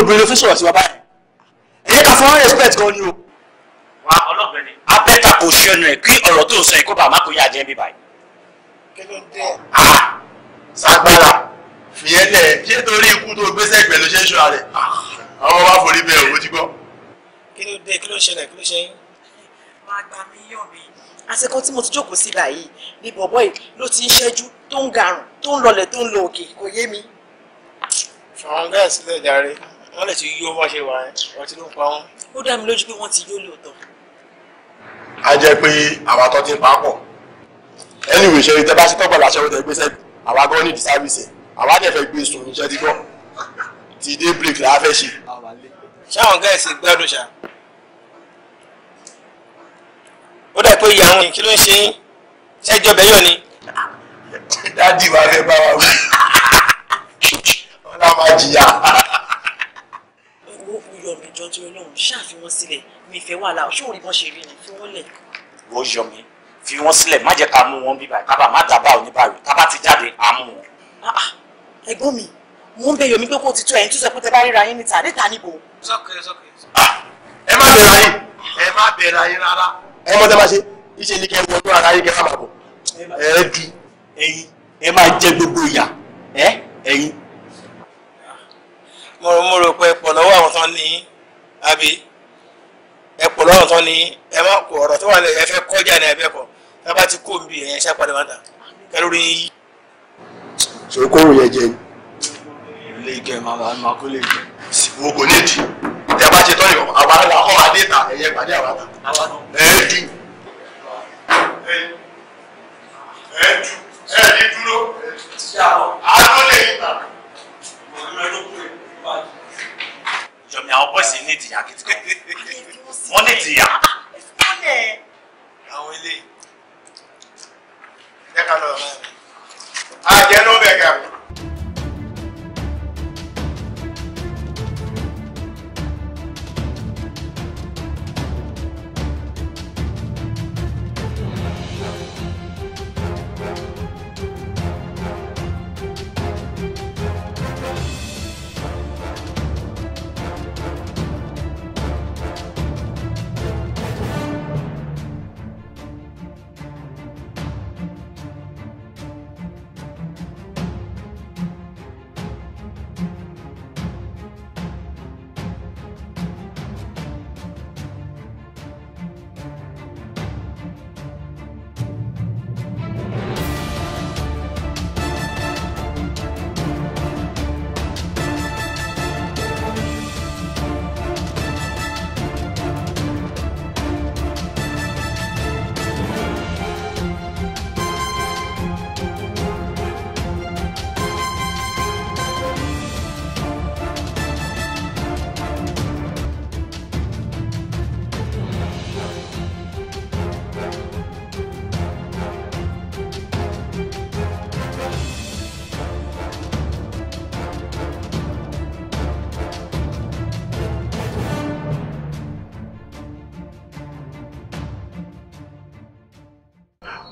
obìnrin ló fi sọ̀rọ̀ sí wa báyìí èyí kà fún respect gan ni o. wa ọlọ́gbẹ̀ni abẹ́ta kò ṣẹnu ẹ̀ kí ọ̀rọ̀ tó ń sọ ìkópa àmàkò yà jẹ́ mi báyìí. kí ló dé. sagbara fìyẹ́lẹ̀ ṣé torí ikú tó gbé sẹ́gbẹ̀ ló ṣe ń ṣọ́ra rẹ̀ àwọn wa forí bẹ́ẹ̀ owó ti gbọ́. kí ló dé kí ló ṣẹlẹ̀ kí ló ṣe yín. máa gbà mí yàn mí àsìkò tí mo ti jókòó sí báyìí ni bọ̀bọ́ yìí ló ti ń ṣẹ́jú tó ń garùn tó ń lọlẹ̀ tó ń lọ òkè kò yé mi. ṣọ̀rọ̀ ń bẹ́ẹ̀ sílẹ̀ jàre wọ́n lè ti yó wọ́n ṣe wà ẹ́ wọ́n ti ló pa wọ́n. ó dá mi lójú pé wọ́n ti yó lóòótọ́. a jẹ́ pé àwa tó ti ń pa pọ̀ anyway ṣe tẹ bá ṣe tọ́gbọ̀n láṣẹ ọ̀tẹ̀ gbé sẹ́ẹ̀dì àwa gan ní ìdísáàbìsì àwa dẹ̀ fẹ́ gbé sùn iṣẹ́ ti gbọ́ ti dé break la fẹ́ ṣe. ṣáwọn gẹ̀ẹ́sì gbádùn ṣá ó dà pé ìyá àwọn kí ló ń ṣe yín ṣẹ́jọ́ bẹ́yọ̀ ni. dádì wa fẹ́ bá wa wí ọlá máa jìyà lọ́ọ̀bì jọjú ọlọ́run ṣáàfi wọ́n sílẹ̀ mi ìfẹ́ wà láà ṣé òun bọ́n ṣe rí ni fi wọ́n lẹ̀. wọ́n yọ mi fi wọ́n sílẹ̀ má jẹ́ ká mú wọn bí kábà má dábàá oníbàárò kábà ti jáde à mú wọn. Ah, ah. ẹ̀gbọ́n mi mò ń bẹ yomi pé kó ti tó ẹ̀yin tó sọ pé tẹ bá ríra yín níta níta níbo. Ah, ẹ má bẹ̀rẹ̀ ayé ẹ má bẹ̀rẹ̀ ayé rárá. ẹ mọ́ tẹ́ bá ṣe iṣẹ́ ni kẹ́ wọnú mo rò pé ẹ̀pọ̀ lọ́wọ́ àwọn tán ní àbí ẹ̀pọ̀ lọ́wọ́ tán ní ẹ má kó ọ̀rọ̀ tó wà ní ẹ fẹ́ kọjá ní ẹbẹ̀ kọ tá bá ti kó nbí ẹ̀yẹn ṣá padà má ta kẹlú rí yí. ṣòro kóòrò yẹn jẹ ni. ilé ìgẹ̀ màmá máa kó lè jẹ. mo ní ìdí tẹ bá ti tọ́jú àwa la kọ́ wa dé ta ẹ̀yẹ pàdé àwa ta. ẹ ẹ dùn ẹ dùn ẹ ní dúró àánú lè yí Jọ̀mí àwọn bọ́ọ̀sì ní ìdìyà kìtìkọ́. Wọ́n ní ìdìyà. Àwọn ilé. Ẹ ká lọ. Àjẹnú ah, bẹ̀gà.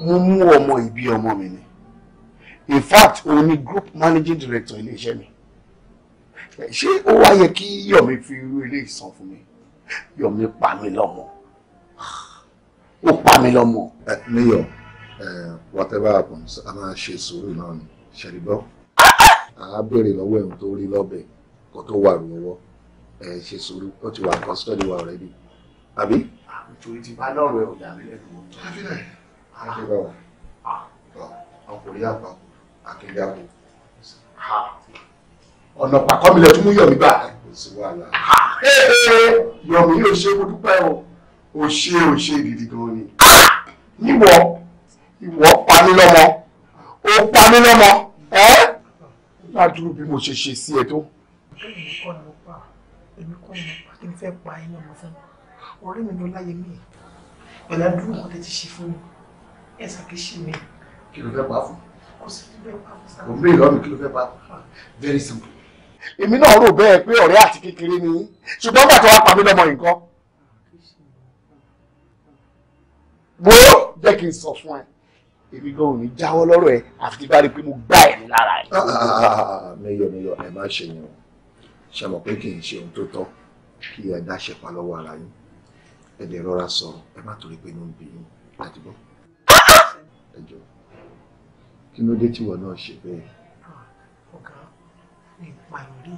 mo mú ọmọ ìbí ọmọ mi ni in fact òun ni group managing director iléeṣẹ́ mi ṣé ó wá yẹ kí Yọ̀mí fi irú ilé ìsan fún mi Yọ̀mí pa mí lọ́mọ ó pa mí lọ́mọ. mayor whatever happens a máa ṣe sùúrù náà ni ṣèlébọ́ a béèrè lọ́wọ́ ẹ̀hún tó rí lọ́bẹ̀ kó tó wà lọ́wọ́ ẹ ṣe sùúrù ó ti wà custody wa already àbí. àbùjọ ìdìbò alọ́rọ̀ ẹ̀ ò dàbí lẹ́nu mọ́tò ṣe bá wà ọkùnrin àpapọ̀ akéde àpò ọ̀nà pàkọ́milẹ̀ tún mú yọ̀ nígbà kò sí wàhálà yọ̀mí yóò ṣe mo dúpẹ́ o ò ṣe ò ṣe ìdìdì gan ni níwọ̀ ìwọ̀ pa mí lọ́mọ ó pa mí lọ́mọ ẹ́ ládùúgbò bí mo ṣe ṣe sí ẹ tó. èmi kọ́ ni mo pa èmi kọ́ ni mo pa kí n fẹ́ pa iná ọmọ fún ọ̀rẹ́ mi ló láyé mi pẹ̀lú kan tẹ́ ti ṣe fún mi ẹ ṣàkíyèsí mi. kí ló fẹ́ pa fún. kò sí kí ló pa fún. kò ń bèèrè kí ló fẹ́ pa ah. very simple. èmi náà rò bẹ́ẹ̀ pé ọ̀rẹ́ àti kékeré ni ṣùgbọ́n bàtà wa pa mí lọ́mọ nǹkan. wo jẹ́ kí n sọ fún ẹ èmi gan ò ní jáwọ́ lọ́rọ̀ ẹ àfi tí bá rí i pé mo gbá ẹ̀mí lára ẹ. mẹ́yọ̀ ah, ah, mẹ́yọ̀ ẹ má ṣe yẹn o ṣe mọ̀ pé kì í ṣe ohun tó tọ́ kí ẹ dá ṣẹpa lọ́wọ́ ara yín ẹ dẹ̀ rọra sọ̀rọ̀ ẹ má torí pé inú ń bí yín láti gbọ́ ẹjọ́ kí ló dé tíwọ náà ṣe bẹ́ẹ̀. Ah, ọ̀gá ní ìpààyàn rí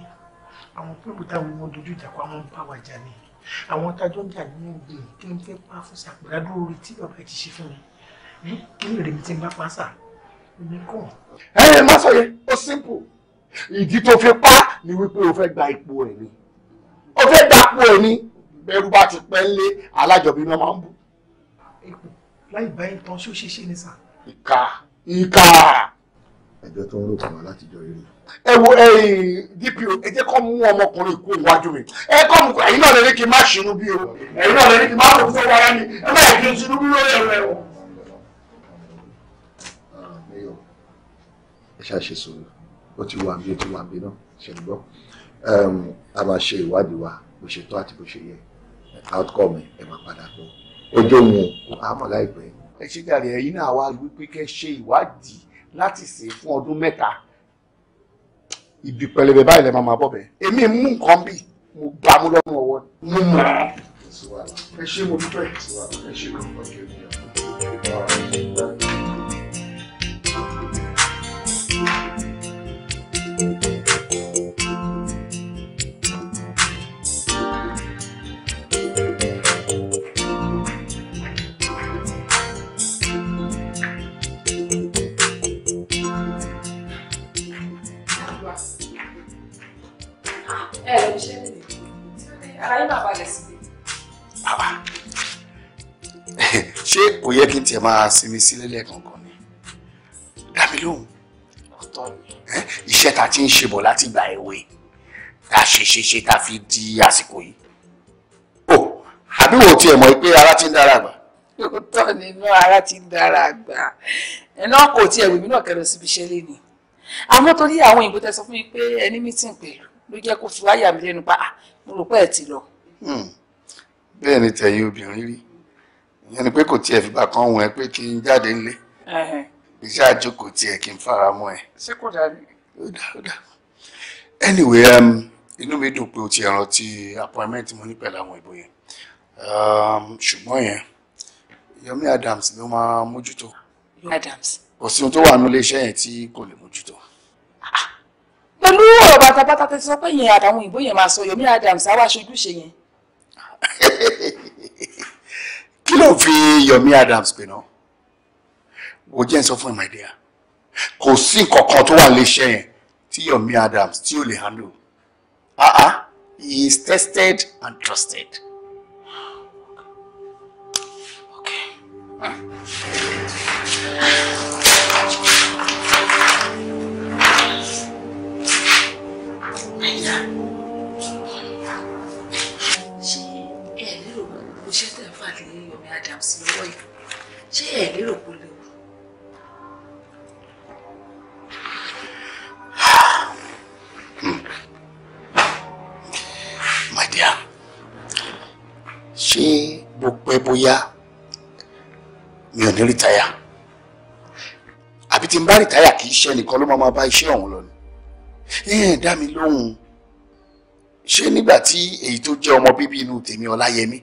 àwọn pípù táwọn ọmọ dojú ìjà pa wọn ń bá wa jà ni àwọn tájọ́ ń jà ní ẹgbẹ́ kí ló ń fẹ́ pa fún sàpèrè adúró rí tí bàbá ti ṣe fún mi kí lè rèmi tí ń bá pa sà èmi kàn. ẹ ẹ má sọ yẹn ó simple ìdí tó fi pa ni wípé o fẹ́ gba ipò ẹ̀ ni o fẹ́ gba ipò ẹ̀ ni bẹ́rù bá ti pẹ́ lé alájọbí náà máa ń bù. ipò láì bá ìtàn ṣó ṣe ni sà ìka ìka. ẹjọ́ tó ń rò kàn wá látijọ́ rere. ẹ wo DPO ẹ jẹ́ kó mú ọmọkùnrin kú iwájú mi ẹ kọ́ mu kú ẹ̀yin náà lè ní kí n má ṣinú bí o ẹ̀yin náà lè ní kí n má rò fún wáyà mi ẹ má yẹ kí n ṣinú bí lórí ẹ̀rọ ẹ̀wọ̀. Ah, ẹ ṣàṣe sọ̀rọ̀ ó ti wà bí ó ti wà bí náà ṣe ń a máa ṣe ìwádìí wa bó ṣe tọ́ àti bó ṣe yẹ outcome ẹ̀ máa padà bọ̀ ojú òun àmọ́ láìpẹ́ ẹ ṣe jàre ẹ̀yin náà wá wípé kẹ́ ṣe ìwádìí láti sè fún ọdún mẹ́ta ibi pẹlẹbẹ báyìí lẹ máa máa bọ̀ bẹ́ẹ̀ èmi mú nǹkan bí mo bá mú lọ́mọ ọwọ́ mo mọ̀ ẹ ṣe mo dúpẹ́ ẹ ṣe kọ́ ọ̀kẹ́. tiẹ̀ máa sinmi sílẹ̀ lẹ́ẹ̀kọ̀ọ̀kan ni dá mi lóhùn ọ̀tọ̀ ni iṣẹ́ ta ti ń ṣe bọ̀ láti gba ìwé ta ṣe ṣe ṣe ta fi di àsìkò yìí o àbí wo tiẹ̀ mọ̀ pé ara ti ń dára àgbà. ọ̀tọ̀ ni iná ara ti ń dára àgbà iná kò tiẹ̀ wèmí náà kẹ́ lọ síbi iṣẹ́ lẹ́nu àmọ́ torí àwọn òyìnbó tẹ sọ fún mi pé ẹni mítìn pẹ̀lú ló jẹ́ kó fi wáyà mi lẹ́nu pa ah, mo rò pé ẹ ti lọ. Hmm. bẹ́ẹ̀ ni tẹ̀yìn obìnrin rí ìyẹn ni pé kò tiẹ̀ fìgbà kan wù ẹ́ pé kí n jáde nílé iṣẹ́ àjókòó tiẹ̀ kí n fara mọ́ ẹ. ṣé kò dàbí. ó dà ó dà anyway um, inú mi dùn pé o ti rántí appointment mo ní pẹ̀lú àwọn ìbò yẹn um, ṣùgbọ́n yẹn Yomi Adams ló máa mójútó. Yomi Adams. kò sí ohun tó wà nílé iṣẹ́ yẹn tí kò lè mójútó. pẹ̀lú ọ̀rọ̀ bàtàbàtà tẹ sọ pé yẹn àtàwọn ìbò yẹn máa sọ Yomi Adams á wá ṣojúṣe yẹn. kí ló fi Yomi Adams pè náà wò jẹ́ sọ fún ẹ̀ my dear kò sí nǹkan kan tó wà léṣẹ́ yẹn tí Yomi Adams tí ò lè handle ah ah he is tested and trusted. okay. okay. Mm. madam sí lọ́wọ́ yìí ṣé ẹ̀ lérò kó léwu. Hmm. my dear ṣé bó pẹ́ bóyá mi ò ní rìtáyà àbí tí n bá rìtáyà kì í ṣe nìkan ló máa bá iṣẹ́ ọ̀hún lọ ni ẹ̀ dá mi lóhùn ṣé nígbà tí èyí tó jẹ́ ọmọ bíbí inú tèmi ọláyẹmí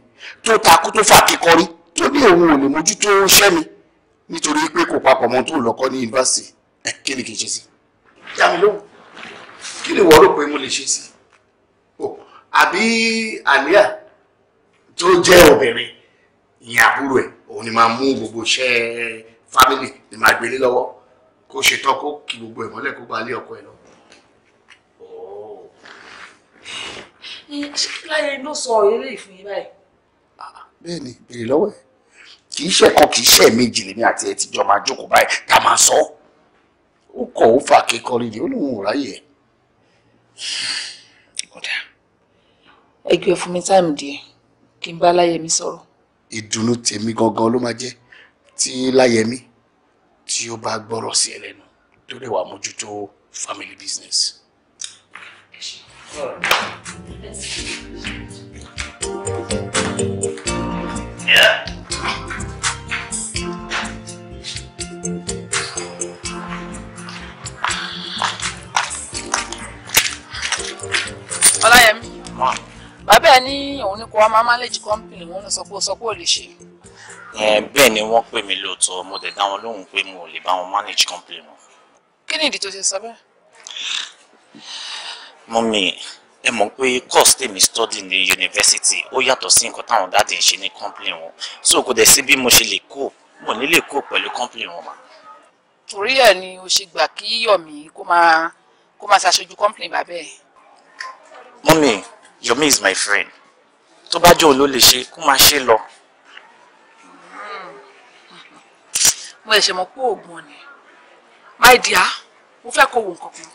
tó takú tó fà kíkọrí tó ní òun ò lè mójútó iṣẹ́ mi nítorí pé kò papọ̀ mọ́ tó lọ́kọ́ ní yunifásitì ẹ̀ kí ni kì í ṣe sí. yà mí lóhùn kí ni wọ́n rò pé mo lè ṣe sí o àbí àníyà tó jẹ́ obìnrin ìyẹn àbúrò ẹ̀ òun ni máa mú gbogbo iṣẹ́ fámìlì ni máa gbélé lọ́wọ́ kó ṣetán kó kí gbogbo ẹ̀ mọ́lẹ̀ kó gba ilé ọkọ ẹ̀ lọ. ṣé láyé ló sọ eré ìfún yín báyìí. Ah, bẹ́ẹ̀ ni èrè lọ́wọ́ ẹ̀ kì í ṣe kan kì í ṣe méjì lèmi àti ẹ ti jọ máa jókòó báyìí tá a máa sọ ó kọ ó fà kékọrin ni ó lóun ò ráyè. kódà ẹgbẹ́ fún mi táìmù díẹ̀ kí n bá láyẹmí sọ̀rọ̀. ìdùnnú tèmi gangan ló máa jẹ́ tí láyẹmí tí ó bá gbọ́rọ̀ sí ẹ lẹ́nu tó lè wà mójútó family business. Thank you. bẹ́ẹ̀ ní òun ní kó wá máa manage company wọn lọ sọ pé ó sọ pé ò lè ṣe. bẹ́ẹ̀ ni wọ́n pè mí lóòótọ́ mo dẹ̀ dá wọn lóhùn pé mo ò lè bá wọn manage company wọn. kí ni ìdí tó ṣe sọ bẹ́ẹ̀. mọ́mí ẹ mọ̀ pé course tèmi study ní yunifásitì ó yàtọ̀ sí nǹkan táwọn dáàdì ń ṣe ní company wọn so kò dẹ̀ sí bí mo ṣe lè kó mo ní lè kó pẹ̀lú company wọn torí ẹ̀ ni o ṣe gbà kí Yọ̀mí kó máa kó máa ṣàṣojú company bàbá ẹ̀. mọ́mí Yomi is my friend tó bá jẹ́ òun ló lè ṣe kó máa ṣe lọ. Hmm. mo ṣẹ̀ṣẹ̀ mọ̀ pé oògùn ni my dear mo fẹ́ kó wo nǹkan kan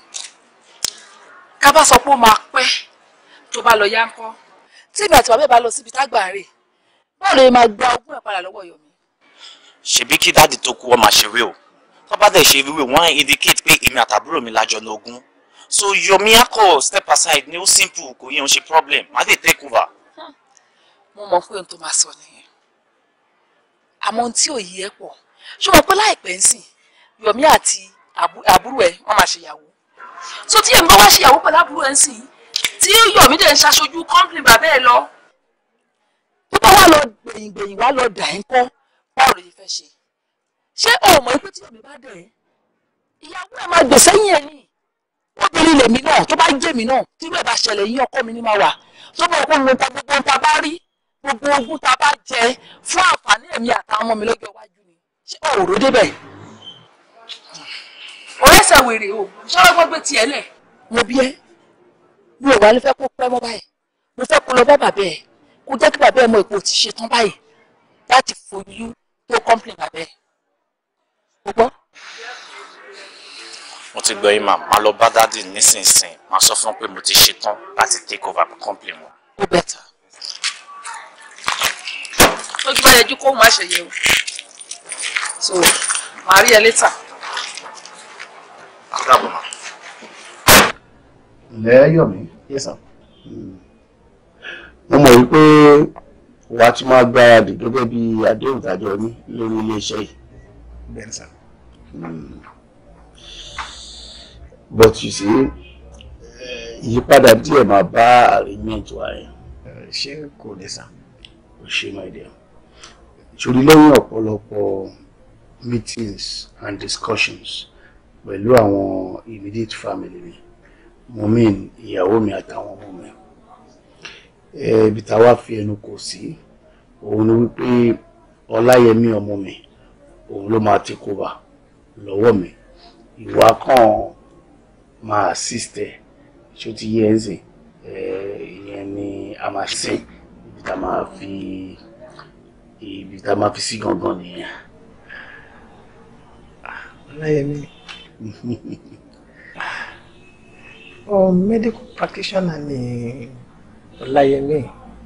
ká bá sọ pé ó máa pẹ́ tó bá lọ yánkọ́ tí ìgbà tí bàbá bá lọ síbi tágbà rè báwo lè máa gba ogún ẹ̀ padà lọ́wọ́ Yomi. ṣebí kí dáàdì tó kú ọ máa ṣe wí o tó bá dẹ̀ ṣe wí wọ́n indicate pé èmi àtàbúrò mi lájọ ní ogún so yomi akọ step aside ni simple kò yẹn ò problem má lè take over. mo mọ̀ pé n tó máa sọ nìyẹn àmọ́ tí ò yí ẹ pọ̀ ṣé o mọ̀ pé láìpẹ́ ń so tí èmi bá wá ṣèyàwó pẹ̀lú àbúrò ẹ ń sìn tí yomi dẹ̀ ń ṣaṣojú company bàbá ẹ lọ tó bá wà lọ gbẹ̀yìngbẹ̀yìn wá lọ dà ẹ́ kọ́ báwo lè fẹ́ ṣe ṣé o mọ̀ pé tí obìnrin lèmi náà tó bá jèmi náà tírú ẹ̀ bá ṣẹlẹ̀ yí ọkọ mi ní máa wà tó bá ọkọ mi ta gbogbo ta bá rí gbogbo ogún ta bá jẹ fún àǹfààní ẹ̀mí àtàwọn ọmọ mi lọ́jọ́ iwájú ni ṣé òòró débẹ̀ ọ̀rẹ́sẹ̀ wèrè o ṣọ́rọ́ gbọ́gbé tiẹ̀ lẹ̀ mo bí ẹ́ mi ò wá lè fẹ́ kó pẹ́ mọ́ báyìí mo fẹ́ kó lọ bá bàbá ẹ̀ kó jẹ́ kí bàbá ẹ̀ mọ ipò ti ṣe tán báyìí láti fojú tó kọ́ńpìlì bàbá ẹ̀ o gbọ́ mo ti gbọ́ yín mà má lọ bá dádì nísinsìnyí má sọ fún pé mo ti ṣetán láti take over company wọn. ó bẹ̀tà ojú bá yẹjú kó má ṣe yẹ o so màá rí ẹ létà. àkàbọ̀ mà. ilẹ̀ yọ̀mí. yes sir. Hmm. mo mọ̀ wípé wàá tún máa gbáradì gẹ́gẹ́ bí adéhùn tàjọ ní lórí iléeṣẹ́ yìí. bẹ́ẹ̀ ni but you see eh, ìyípadà díẹ̀ máa bá arrangement wa yẹn. Eh, ṣé kò lè sàn. kò ṣe my dear. ìṣòrí lẹ́yìn ọ̀pọ̀lọpọ̀ meetings and discussions pẹ̀lú àwọn immediate family mi mo mean ìyàwó mi àtàwọn ọmọ mi eh, ibi táwa fi ẹnu kò sí òun ni wípé ọláyẹmí ọmọ mi òun ló máa ti kó bá lọ́wọ́ mi ìwà kan máa assist ẹ ṣó ti yé ẹ sìn ìyẹn ni a máa sìn ibi tá a máa fi ibi tá a máa fi sí gangan nìyẹn. ọláyẹmí ọ medical practitioner ni ọláyẹmí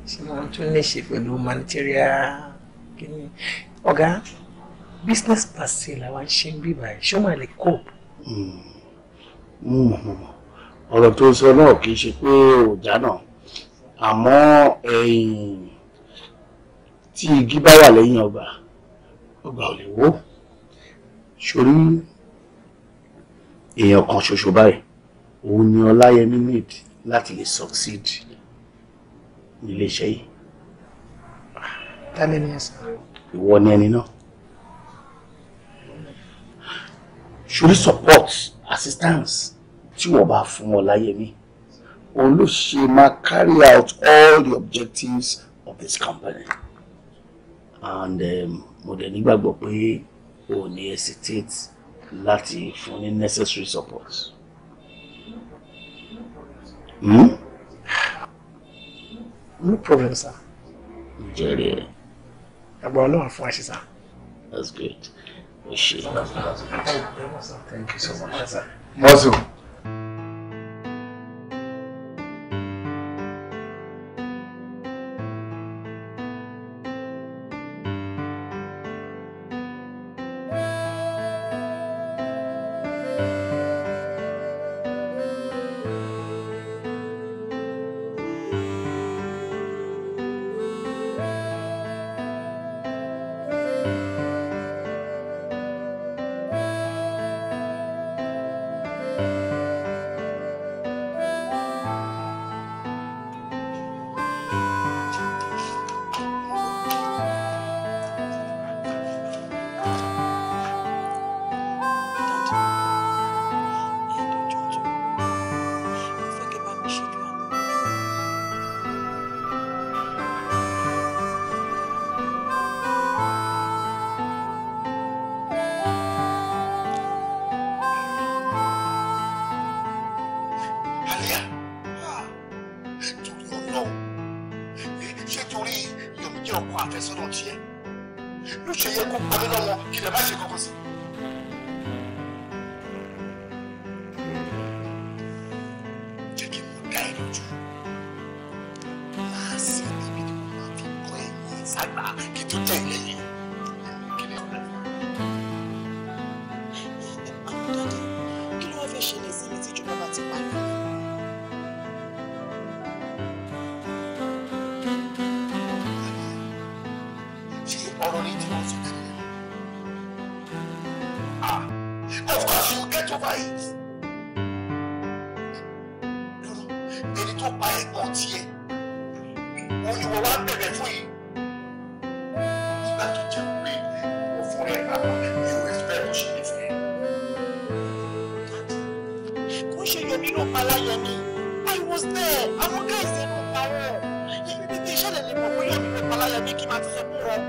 tí wọ́n tún ní ṣe pẹ̀lú humanitarian ọ̀gá business pass làwọn ṣe ń bíbà ẹ̀ ṣó máa lè cope. Mm ọ̀rọ̀ tó sọ náà kì í ṣe pé ò dáná àmọ́ ẹ̀yìn tí igi bá wà lẹ́yìn ọgbà ọgbà ò lè wó sórí èèyàn kan ṣoṣo báyìí òun ni ọláyẹmí need láti lè succeed níléeṣẹ́ yìí. tálẹ́ ni ẹ sọ. ìwọ ni ẹni náà. sórí support assistance tí wọ́n bá fún Ọláyẹmí òun ló ṣe máa carry out all the objectives of this company and um, mo dẹ̀ nígbàgbọ́ pé o ní hesitate láti fún ní necessary support. Hmm? No problem, sir. Jẹ́rìí ẹ̀. Ẹ̀gbọ́n Ọlọ́run fún ẹ That's good ṣe. thank you so much. mọ́sùn. of course you get over it. ẹni tó pa ẹ̀gbọ́n tiẹ̀ òun ni wọ́n wá bẹ̀rẹ̀ fún yìí nígbà tó jẹ́ pé wọ́n fún rẹ̀ bàbá yóò rẹ̀ fẹ́ lọ ṣe fẹ́. kò ṣe yomi ló pa láyẹmí I was there àwọn gáàsì ló parọ́ ibi tí ìṣẹ̀lẹ̀ lè mọ̀ pé yomi ló pa láyẹmí kí n máa ti sọ fún wọn.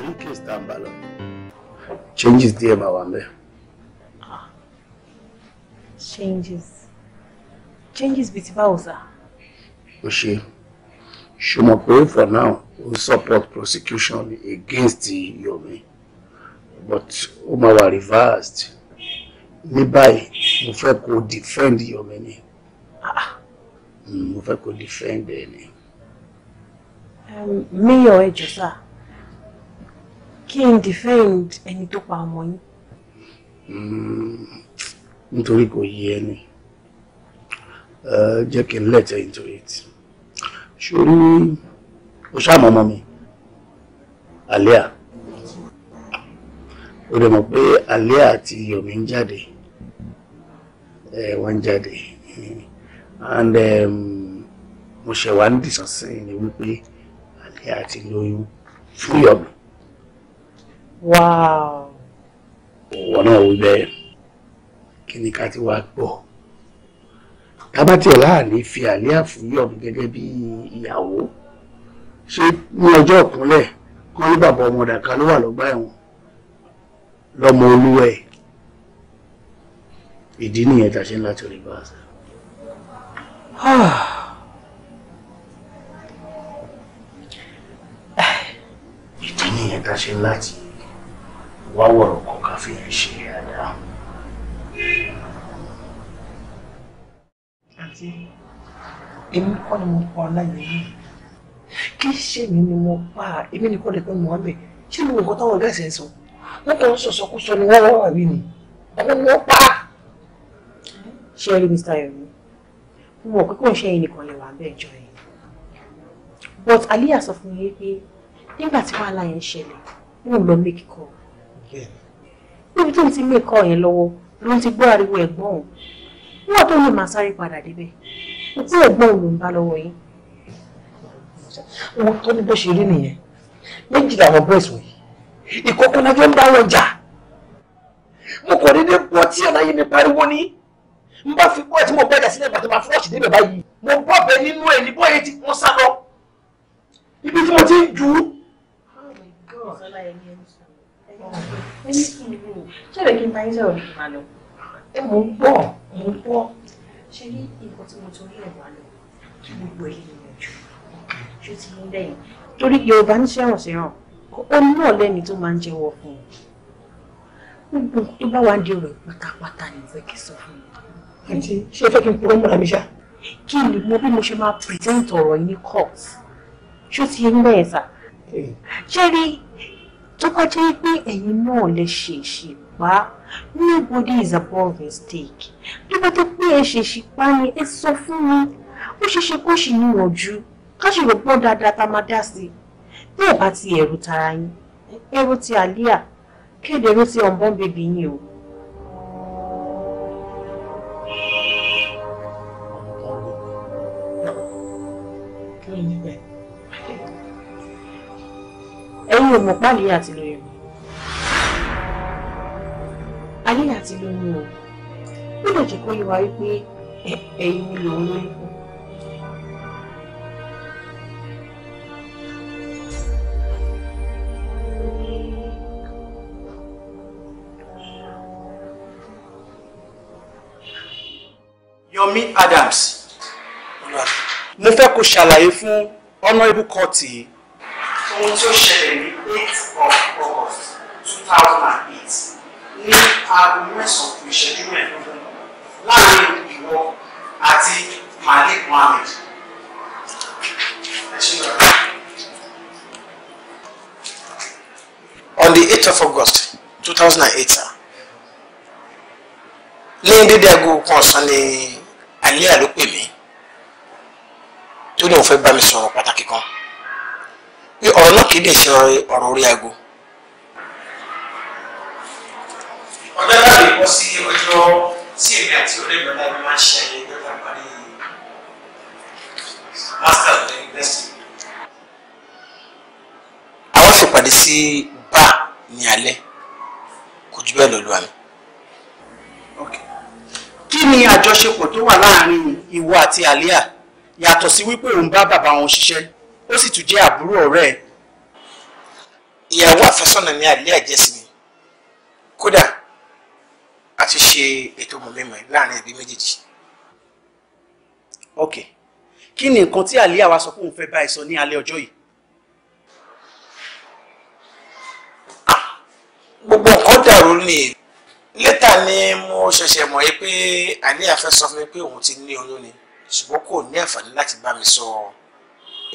ní case tá a bá changes díẹ̀ máa wà mẹ́. changes changes bíi ti báwo sá. o ṣe ṣùgbọ́n for now o support prosecution against the Yomi but ó máa reversed Nearby, báyìí mo defend Yomi Ah, hmm, mo fẹ́ defend ẹ Um, me ẹ jọ kí n defend ẹni tó pa ọmọ yín. Mm, nítorí kò yé ẹni jẹ́ kí n lẹ́tẹ̀ into it ṣorí o ṣáàmù ọmọ mi àlẹ́à o dẹ̀ mọ̀ pé àlẹ́à àti yomi ń jáde wọ́n ń jáde and um, mo ṣẹ̀ wá ń dìsàn sí ni wípé àlẹ́à àti lóyún fún yomi wọn náà wí bẹ́ẹ̀ kí ni ká ti wá gbọ́ tábà tiẹ̀ láàní fi àlẹ́ àfúyọ̀ gẹ́gẹ́ bí ìyàwó ṣé ní ọjọ́ ìkúnlẹ̀ kan ní bàbá ọmọ ọ̀dàkà ló wà lọ́gbà ẹ̀wọ̀n lọ́mọ olúwẹ̀ ìdí nìyẹn tá a ṣe ń láti orí bá a sá. ìdí nìyẹn tá ṣe ń láti wá wọ̀rọ̀ kan ká fi yẹn ṣe àdá. àti èmi kọ́ ni mo pa ọláyé yìí kì í ṣe èmi ni mo pa èmi nìkan lè pẹ́ Mohammed ṣé mi nìkan táwọn ọ̀gá ẹ̀sẹ̀ ń sọ wọn kàn ń sọ̀sọ̀kúsọ ni wọ́n wà wí ni ẹ̀mí ni wọ́n pa á ṣe rí mr yomi mo mọ̀ pé kò ń ṣe ẹ̀yin nìkan lè wà ń bẹ́ẹ̀ jọ yìí but aliya sọ fún mi pé nígbà tí wàhálà yẹn ṣẹlẹ̀ mo lọ make call níbi tó ń ti gbé ikọ̀ yẹn lọ́wọ́ ló ń ti gbọ́ ariwo ẹ̀gbọ́n òun níwọ̀n tó lè máa sáré padà débẹ̀ tí ẹ̀gbọ́n òun ló ń bá lọ́wọ́ yìí. wọn tó ní bó ṣe rí nìyẹn méjì làwọn boys wọ̀nyí ìkọ̀kọ̀ náà fẹ́ ń bá wọn jà mo kàn ní ní bọ́ tí aláyé mi pariwo ní n bá fi bọ́ ẹ̀ tí mo bẹ́ẹ̀ dà sílẹ̀ bàtà máa fọ́ọ̀ṣì débẹ̀ báyìí mo bọ́ bẹ nínú ẹ̀ ní bọ́ọ̀yẹ tí wọ́n sá lọ ibi tí mo ti ń jù ú. Oh ẹni sùúrù ṣẹlẹ̀ kí n bá yín sọ̀rọ̀ kí n máa lọ ẹ mò ń pọ̀ mò ń pọ̀ ṣe rí nǹkan tí mo torí ẹ̀ wá lọ kí gbogbo ẹ̀ lè yànjú ṣó ti ń dẹ̀yìn torí Yorùbá ń ṣẹ̀wọ̀n ṣẹ̀wọ̀n ó náà lẹ́ni tó máa ń jẹ́wọ́ fún un gbogbo tó bá wà ń di ọ̀rọ̀ pátápátá ni ìfẹ́ kì í sọ fún mi. àǹtí ṣé ẹ fẹ́ kí ni mo bí mo ṣe máa present ọ̀rọ̀ yìí ní court ṣó ti ń bẹ̀yẹn sà ṣé rí tó bá jẹ́ pé ẹ̀yin náà lè ṣe ìṣèpá nobody is above mistake tó bá jẹ́ pé ẹ ṣe ìṣèpá ni ẹ sọ fún mi ó ṣe ṣe kó ṣì níwọ̀njú ká ṣe rò pọ́ dáadáa tá a máa dá sí i bí ẹ bá ti ẹ̀rù tara yín ẹ̀rù ti àlíà kéde ẹ̀rù ti ọ̀nbọ́n bèbí yín o. ẹ̀yin ò mọ̀ pé àlíyà ti lóyún àlíyà ti lóyún o ó lè jẹ́ kó yé wa wípé ẹ̀yin mi lòun lóyún fún. Yomi Adams mo fẹ́ kó ṣàlàyé fún honourable court yìí ohun tí ó ṣẹlẹ̀ ní of August 2008, thousand and eight ní aago mẹ́sàn-án kù ìṣẹ́jú mẹ́ẹ̀ẹ́dógún láàrin ìwọ àti Malik Mohammed. On the 8th of August, 2008, ní dédé aago kan ọ̀sán ni Aliya ló pè mí tó ní òun fẹ́ bá mi sọ̀rọ̀ pàtàkì kan pé ọ̀rọ̀ náà kì í dẹ̀ ṣe ọ̀rọ̀ orí aago. ọjọ́ láti bọ́ sí ọjọ́ tí èmi àti onígbàdá mi máa ń ṣe ayẹyẹ nígbà parí master of the university. àwọn ṣèpàdé sí bá ní alẹ́ kò jù bẹ́ẹ̀ lọ́lọ́ àmì. kí ni àjọṣepọ̀ tó wà láàárín ìwọ àti àlíà yàtọ̀ sí wípé òun bá bàbá wọn ṣiṣẹ́ ó sì tún jẹ́ àbúrò ọ̀rẹ́ ẹ̀ ìyàwó àfẹ́sọ́nà ní alẹ́ àjẹsí mi kódà a ti ṣe ètò mọ̀mẹ́mọ̀ láàrin ẹbí méjèèjì. ok kí ni nǹkan tí àlíyà wa sọ pé òun fẹ́ bá ẹ sọ ní alẹ́ ọjọ́ yìí. gbogbo nǹkan dàrú ni lẹ́tà ni mo ṣẹ̀ṣẹ̀ mọ̀ pé àlíyà fẹ́ sọ fún mi pé òun ti ní oyún ni ṣùgbọ́n kò ní àǹfààní láti bá mi sọ. So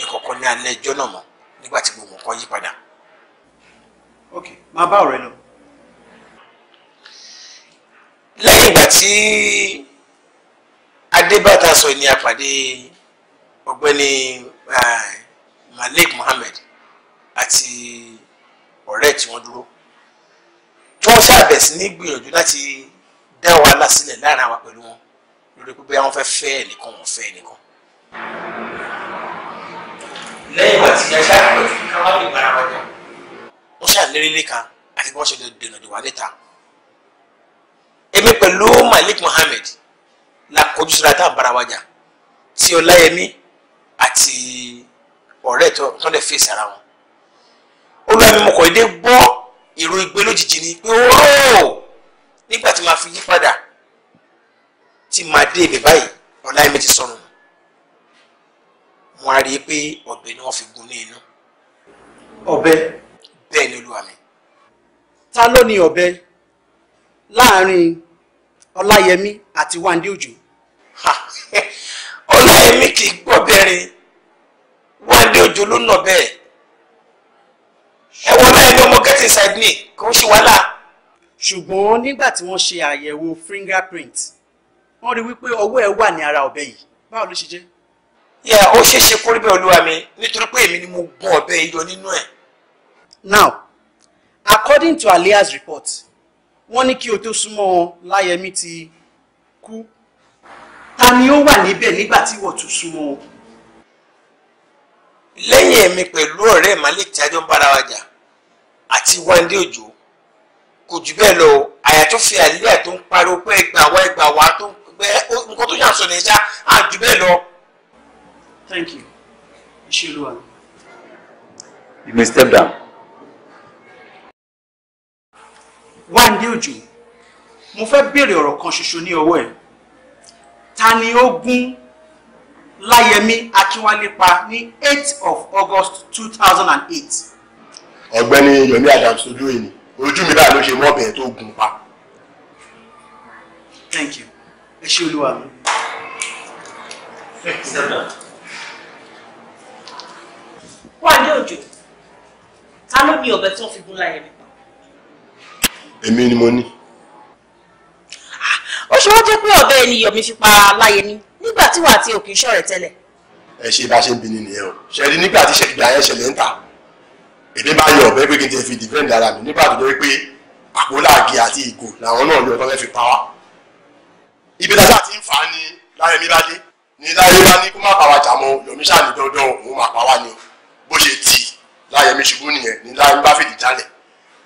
ìkọ̀kọ̀ ní alẹ́ ẹjọ́ náà mọ́ nígbà tí gbogbo nǹkan yí padà. ok máa bá ọ̀rẹ́ lọ. lẹ́yìn ìgbà tí adébàtà sọ ní àpàdé ọ̀gbẹ́ni malik mohammed àti ọ̀rẹ́ tí wọ́n dúró tí wọ́n ṣàbẹ̀ sí ní gbìyànjú láti dá wàhálà sílẹ̀ láàrin àwa pẹ̀lú wọn lórí pé bóyá wọ́n fẹ́ fẹ́ ẹnìkan wọ́n fẹ́ ẹnìkan lẹ́yìn ìgbà tí ẹ ṣàlàyé ju ká má lè bára wọn jà. wọ́n ṣàlérí lẹ́ka àti bí wọ́n ṣe lè dènà ìwà lẹ́ta. èmi pẹ̀lú Malik Muhammed la kojú síra tá à ń bára wa jà tí Ọláyẹmí àti ọ̀rẹ́ tó tó lè fèsì ara wọn. olùwàmí mo kọ̀ ẹ́ dé gbọ́ ìró igbe lójijì ni pé ooo nígbà tí màá fi yí padà tí màá dé ibẹ̀ báyìí Ọláyẹmí ti sọnù wọn á rí i pé ọ̀bẹ ni wọ́n fi gún ní inú. ọ̀bẹ. bẹ́ẹ̀ ni olúwa mi. ta ló ni ọ̀bẹ láàrin ọláyẹmí àti wáńdé òjò. ọláyẹmí kì í gbọ́ bẹ́rin wáńdé òjò ló nà bẹ́ẹ̀. ẹ wọ ọláyẹmí ọmọ get inside kò ń ṣe wàhálà. ṣùgbọ́n nígbà tí wọ́n ṣe àyẹ̀wò fingerprint wọ́n rí wípé ọwọ́ ẹ̀ wà ní ara ọ̀bẹ yìí báwo ló ṣe jẹ́ yẹ ó ṣeé ṣe kó rí bẹ́ẹ̀ mi nítorí pé èmi ni mo gún ọ̀bẹ iyọ nínú ẹ̀. now according to Alia's report wọ́n ní kí o tó súnmọ́ Láyẹ̀mí ti kú ta ni ó wà níbẹ̀ nígbà tí wọ́n tún súnmọ́ o. lẹ́yìn èmi Malik tí a ati ń bára wa jà àti Wándé Òjó kò jù bẹ́ẹ̀ lọ àyà tó fi àlíyà tó ń pariwo pé ẹgbàá wá ẹgbàá wá tó ń pẹ́ nǹkan tó yàn sọ nìyẹn ṣá àjù bẹ́ẹ̀ lọ Thank you. Ishiluwa. You may step down. Wáńdé Òjò, mo fẹ́ béèrè ọ̀rọ̀ kan ṣoṣo ní ọwọ́ ẹ̀. Ta ni ó gún Láyẹmí Akínwálé pa ní 8th of August 2008? Ọ̀gbẹ́ni Yomi Adams ojú èyí, ojú mi báyìí ló ṣe mọ́ ọ̀bẹ tó gún pa. Thank you. Ẹ ṣé Step down wà ní òjò ta ló ní ọ̀bẹ tí wọ́n fi gún láyé mi pa. èmi ni mo ní. Ah, ó ṣe wọ́n jẹ́ pé ọ̀bẹ ènìyàn mi fi pa láyé mi nígbà tí wàá ti òkè iṣẹ́ rẹ̀ tẹ́lẹ̀. ẹ ṣe bá ṣe ń bi ni nìyẹn o ṣẹ̀rí nígbà tí ìgbà yẹn ṣẹlẹ̀ ń ta èmi bá yọ ọ̀bẹ pé kí n ti fi dìfẹ́ǹdì ara mi nígbà tó jẹ́ pé àpò láàgì àti ìgò làwọn náà yọ ọ̀tọ́ fẹ́ fi pa wá ibi tá a ti ń fà á ni láyẹmí bá dé ni láyé bá ní kó má pa wá jà mọ́ yomi ṣáà ní dandan òun máa pa wá ni o bó ṣe ti láyẹmí ṣubú nìyẹn ní láyẹmí bá fìdí jálẹ̀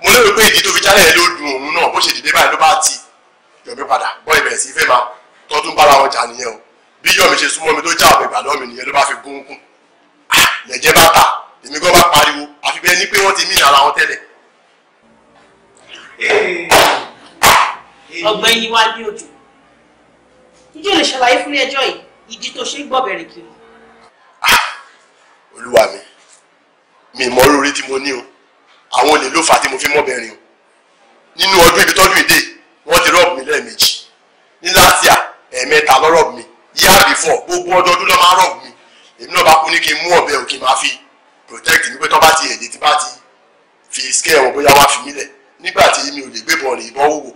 mo lérò pé ìdí tó fi jálẹ̀ yẹn ló dùn òun náà bó ṣe dìde báyìí ló bá ti yọ̀mí padà bọ́ ìbẹ̀rẹ̀ sí fẹ́ máa tọ́dún bára wọn jà nìyẹn o bí yọ̀mí ṣe súnmọ́ mi tó já ọ̀bẹ̀ ìgbàlọ́ mi nìyẹn ló bá fi gúngún ah, lẹ̀jẹ̀ bá ta èmi gan bá pariwo àfi bẹ́ẹ̀ ni pé wọ́n ti mìíràn ara wọn tẹ́lẹ̀. ọ̀gbẹ́ni wá ní òjò jíjẹ́ lè ṣàlàyé fún ẹjọ́ yìí ìdí tó ṣe gbọ́ bẹ̀rẹ̀ kiri. Ah, olúwa mi mi mọ orí tí mo ní o àwọn olè ló fà á tí mo fi mọ́bẹ̀rin o nínú ọdún ibi tọ́jú ìdè wọ́n ti rọ́ọ̀bù mi lẹ́ẹ̀mejì ní last year ẹ̀ẹ̀mẹ́ta mi year before gbogbo ọdọọdún ló máa rọ́ọ̀bù mi èmi náà bá kú ní kí n mú ọ̀bẹ òkè máa fi protect mi pé bá ti èdè tí bá ti fi scare wọn bóyá wá fi mí lẹ̀ nígbà tí mi ò lè gbé bọ̀ọ̀lì ìbọn wò.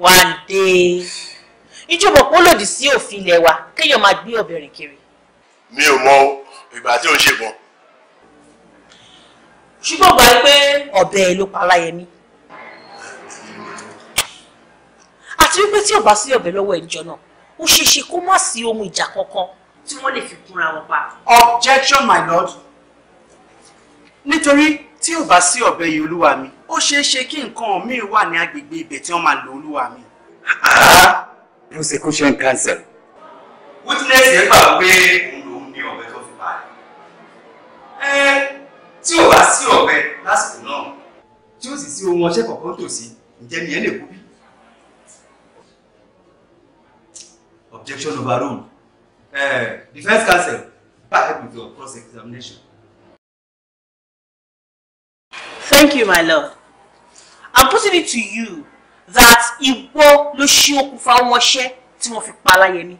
wàǹdè ìjọba kò lòdì sí òfin ilẹ̀ wa kéèyàn máa gbé ọ̀bẹ̀rìn kiri. mi ò mọ ìgbà tí ò ń ṣe bọ̀ ṣùgbọ́n gbà pé ọ̀bẹ ló pa Ọláyẹmí àti wípé tí ọba sí ọ̀bẹ lọ́wọ́ ìjọ náà ó ṣe ṣe kó má sí ohun ìjà kankan tí wọ́n lè fi kúnra wọn pa. objection my lord nítorí tí ò bá sí ọ̀bẹ yìí olúwa mi ó ṣeé ṣe kí nǹkan míì wà ní agbègbè ibẹ̀ tí wọ́n máa lo olúwa mi. prosecution counsel. witness yẹn gbà pé òun lòún ní ọ̀bẹ tó fi bá a tí ò bá sí ọ̀bẹ lásìkò náà tí ó sì sí ohun ọṣẹ kọ̀ọ̀kan tòsí ǹjẹ́ ni lè kú bí. objection overruled uh, eh, defence counsel back with your cross examination. thank you my love i'm putting it to you that ìwọ ló ṣí okùnfà wọn ṣẹ́ tí wọ́n fi pa aláyẹmí.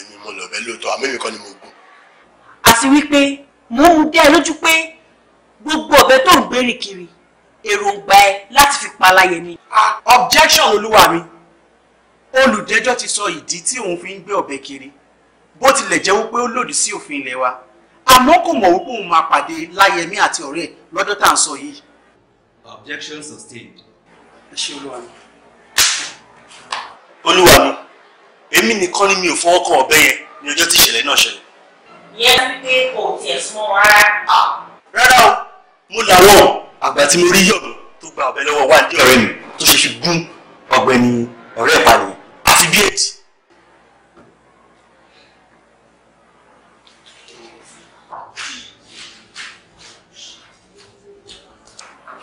èmi mo lọ bẹ lóòótọ́ àmọ́ èmi kan ni mo gùn. àti wípé mò ń dẹ́ lójú pé gbogbo ọ̀bẹ tó ń gbérí kiri èròǹgbà ẹ láti fi palayẹ ni. objection olúwa mi olùdẹ́jọ́ ti sọ ìdí tí òun fi ń gbé ọ̀bẹ kiri bó tilẹ̀ jẹ́ wípé ó lòdì sí òfin ilé wa àmọ́ kò mọ̀ wípé òun máa pàdé láyẹmí àti ọ̀rẹ́ ẹ̀ lọ́dún tá à ń sọ yìí. objection sustained. ẹ ṣe olúwa mi. olúwa mi èmi nìkan ni mi ò fọwọ́ kan ọ̀bẹ yẹn ní ọjọ́ tí ìṣẹ̀lẹ̀ náà ṣẹlẹ̀ ìyẹn wípé kò tiẹ̀ súnmọ́ rárá. Ah, rárá o mo làwọn àgbà tí mo rí yọ̀dọ̀ tó gba ọ̀bẹ lọ́wọ́ wá ní ọ̀rẹ́ mi tó ṣe fi gún ọ̀gbẹ́ni ọ̀rẹ́ ìpàdé àfi bí ètì.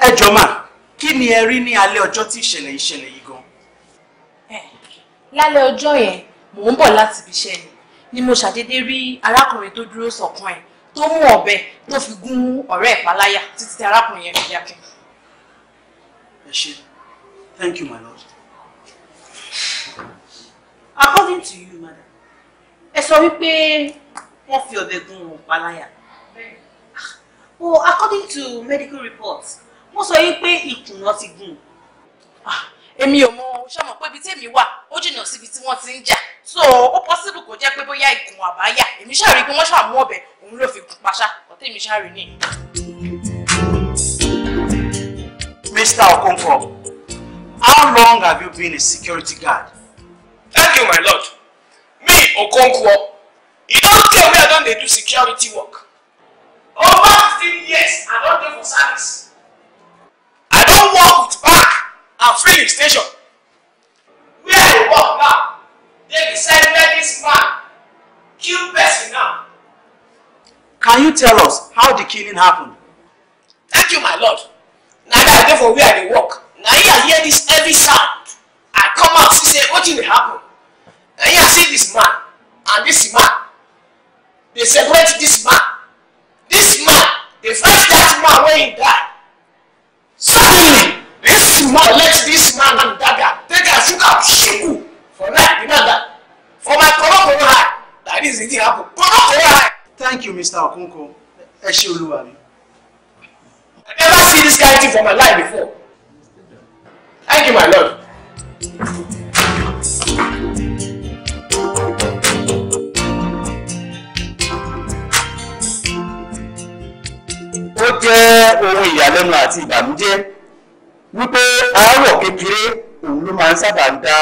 ẹ jọ máa kí ni ẹ rí ní alẹ́ ọjọ́ tí ìṣẹ̀lẹ̀ ìṣẹ̀lẹ̀ yìí gan. lálẹ́ ọjọ́ yẹn mò ń bọ̀ láti ibi iṣẹ́ ni ni mo ṣàdédé rí arákùnrin tó dúró sọ̀kan ẹ̀ tó mú ọ̀bẹ tó fi gún ọ̀rẹ́ ẹ̀ páláyà títí tí arákùnrin yẹn fi dákẹ́. ẹ ṣe thank you my lord. according to you madam ẹ sọ wípé wọ́n fi ọ̀bẹ gún wọn páláyà. Ah, well according to medical reports wọ́n sọ wípé ikùn náà ti gún ah, èmi ò mọ ṣọmọ pé ibi tèmi wà ó jìnnà síbi tí wọ́n ti ń jà so ó possible kò jẹ́ pé bóyá ìkùn àbáyà èmi ṣáà rí pé wọ́n ṣàmú ọ̀bẹ òun ló fi gùn paṣá ọ̀tẹ̀ mi ṣáà rí ni. Mr. Okonkwo, how long have you been a security guard? Thank you, my lord. Me, Okonkwo, you don't tell me I don't do security work. Over fifteen years I don't do for service. I don't work with and filling station. Where I work now, they decide let this man killed person now. Can you tell us how the killing happened? Thank you, my lord. Now that I go for where I dey work. Na here I hear this heavy sound. I come out see say wetin dey happen. Na here I see this man and this man. They separate this man. This man, they fight that man when he died now let this man and dagger take a shook out shiku for that remember for my korokoro eye that is the thing happen korokoro eye. thank you mr okunko ẹ ṣé olúwa mi. i never see this kind thing for my life before thank you my lord. ó jẹ́ ohun ìyàlẹ́nu àti ìbànújẹ́ wípé aáwọ̀ kékeré òun ló máa ń sábà ń dá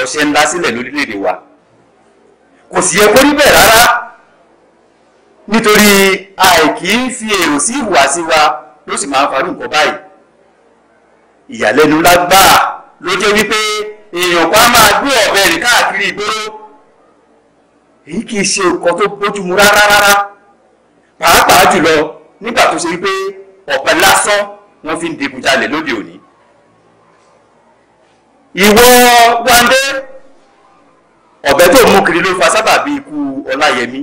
ọ̀ṣẹ́ ńlá sílẹ̀ lórílẹ̀‐èdè wa kò sì yẹ kó rí bẹ́ẹ̀ rárá nítorí àìkí ń fi èrò sí ìhùwàsí wa ló sì máa ń farú nǹkan báyìí ìyàlẹ́nu lágbàá ló jẹ́ wípé èèyàn kan á máa gbé ọ̀bẹ rìn káàkiri ìgboro èyí kì í ṣe nǹkan tó bójúmu rárá rárá pàápàá jùlọ nígbà tó ṣe wípé ọ̀bẹ lásán wọ́n fi ń digunjalè lóde òní. ìwọ wáńdé ọ̀bẹ tó mú kiri ló fa sábàbí ikú ọláyẹmí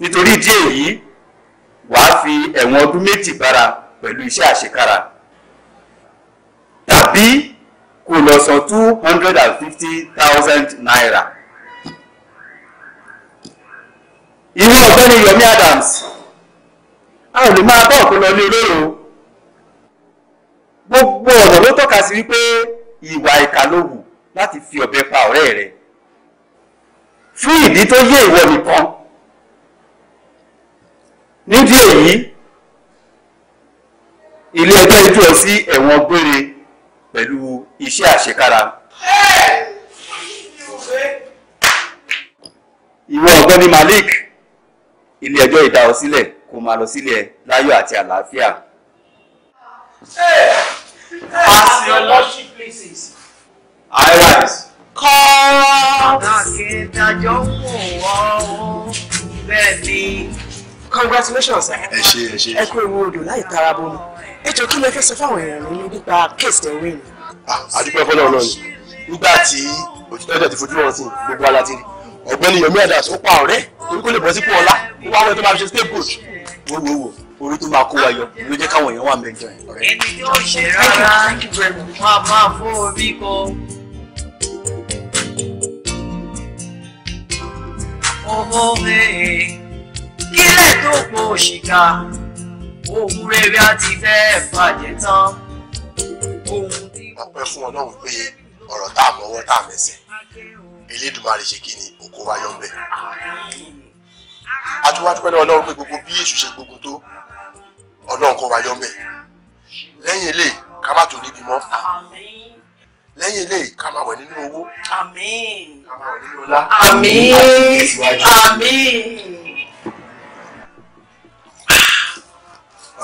nítorí ìdí èyí wàá fi ẹ̀wọ̀n ọdún méjì bára pẹ̀lú iṣẹ́ àṣekára tàbí kò lọ san two hundred and fifty thousand naira. ìwọ ọ̀gbẹ́ni Yomi Adams a ò lè máa bá ọ̀pọ̀lọ ní olóró gbogbo ọ̀nà ló tọ́ka sí wípé ìwà ìkà ló wù láti fi ọ̀bẹ pa ọ̀rẹ́ rẹ̀ fún ìdí tó yé ìwọ nìkan nídìí èyí ilé ẹjọ́ ojú ọ sí ẹ̀wọ̀n gbére pẹ̀lú iṣẹ́ àṣekára. ìwọ ọ̀gbẹ́ni Malik ilé ẹjọ́ ìdá ọ sílẹ̀ kó máa lọ sílé ẹ láyọ̀ àti àlàáfíà. Hey! Pass your lordship places. I rise. Congratulations, sir. Ẹ ṣe ẹ ṣe. Ẹ kú ewu odò láì tara bomi. Ẹ jọ kí lẹ fẹ́ sọ fáwọn èèyàn ní nípa case tẹ̀ wé ni. Àdúgbò ah, fọlọ́ náà ni. Nígbà tí òtítọ́ ìjà ti fojú wọn sí gbogbo ala ti rí. Ọ̀gbẹ́ni Yomi adas ó pa ọ̀rẹ́ torí kó lè bọ́ sípò ọlá. Ó wá wọn tó máa fi ṣe scapegoat. Wo wo wo orí tó máa kó wa yọ ló jẹ́ káwọn èèyàn wà mẹ́jọ yẹn. ẹni yóò ṣe rárá máa máa fó orí kọ. ọmọ mẹ́rin kílẹ̀ tó po òṣìkà ohun rere á fẹ́ bàjẹ́ tán. ọpẹ́ fún Ọlọ́run pé ọ̀rọ̀ tá a mọwọ́ tá a mẹsẹ̀ Elédùmarè ṣe kí ni òkú wa yọ ń bẹ. a tún wá dúpẹ́ lọ́wọ́ Ọlọ́run pé gbogbo bí èṣù ṣe gbogbo tó ọlọ́run kó wa yọ mẹ́ lẹ́yìn eléyìí ká má tó níbi mọ́ lẹ́yìn eléyìí ká máa wẹ̀ nínú owó ká máa wẹ̀ nínú ọlá àmín àmín.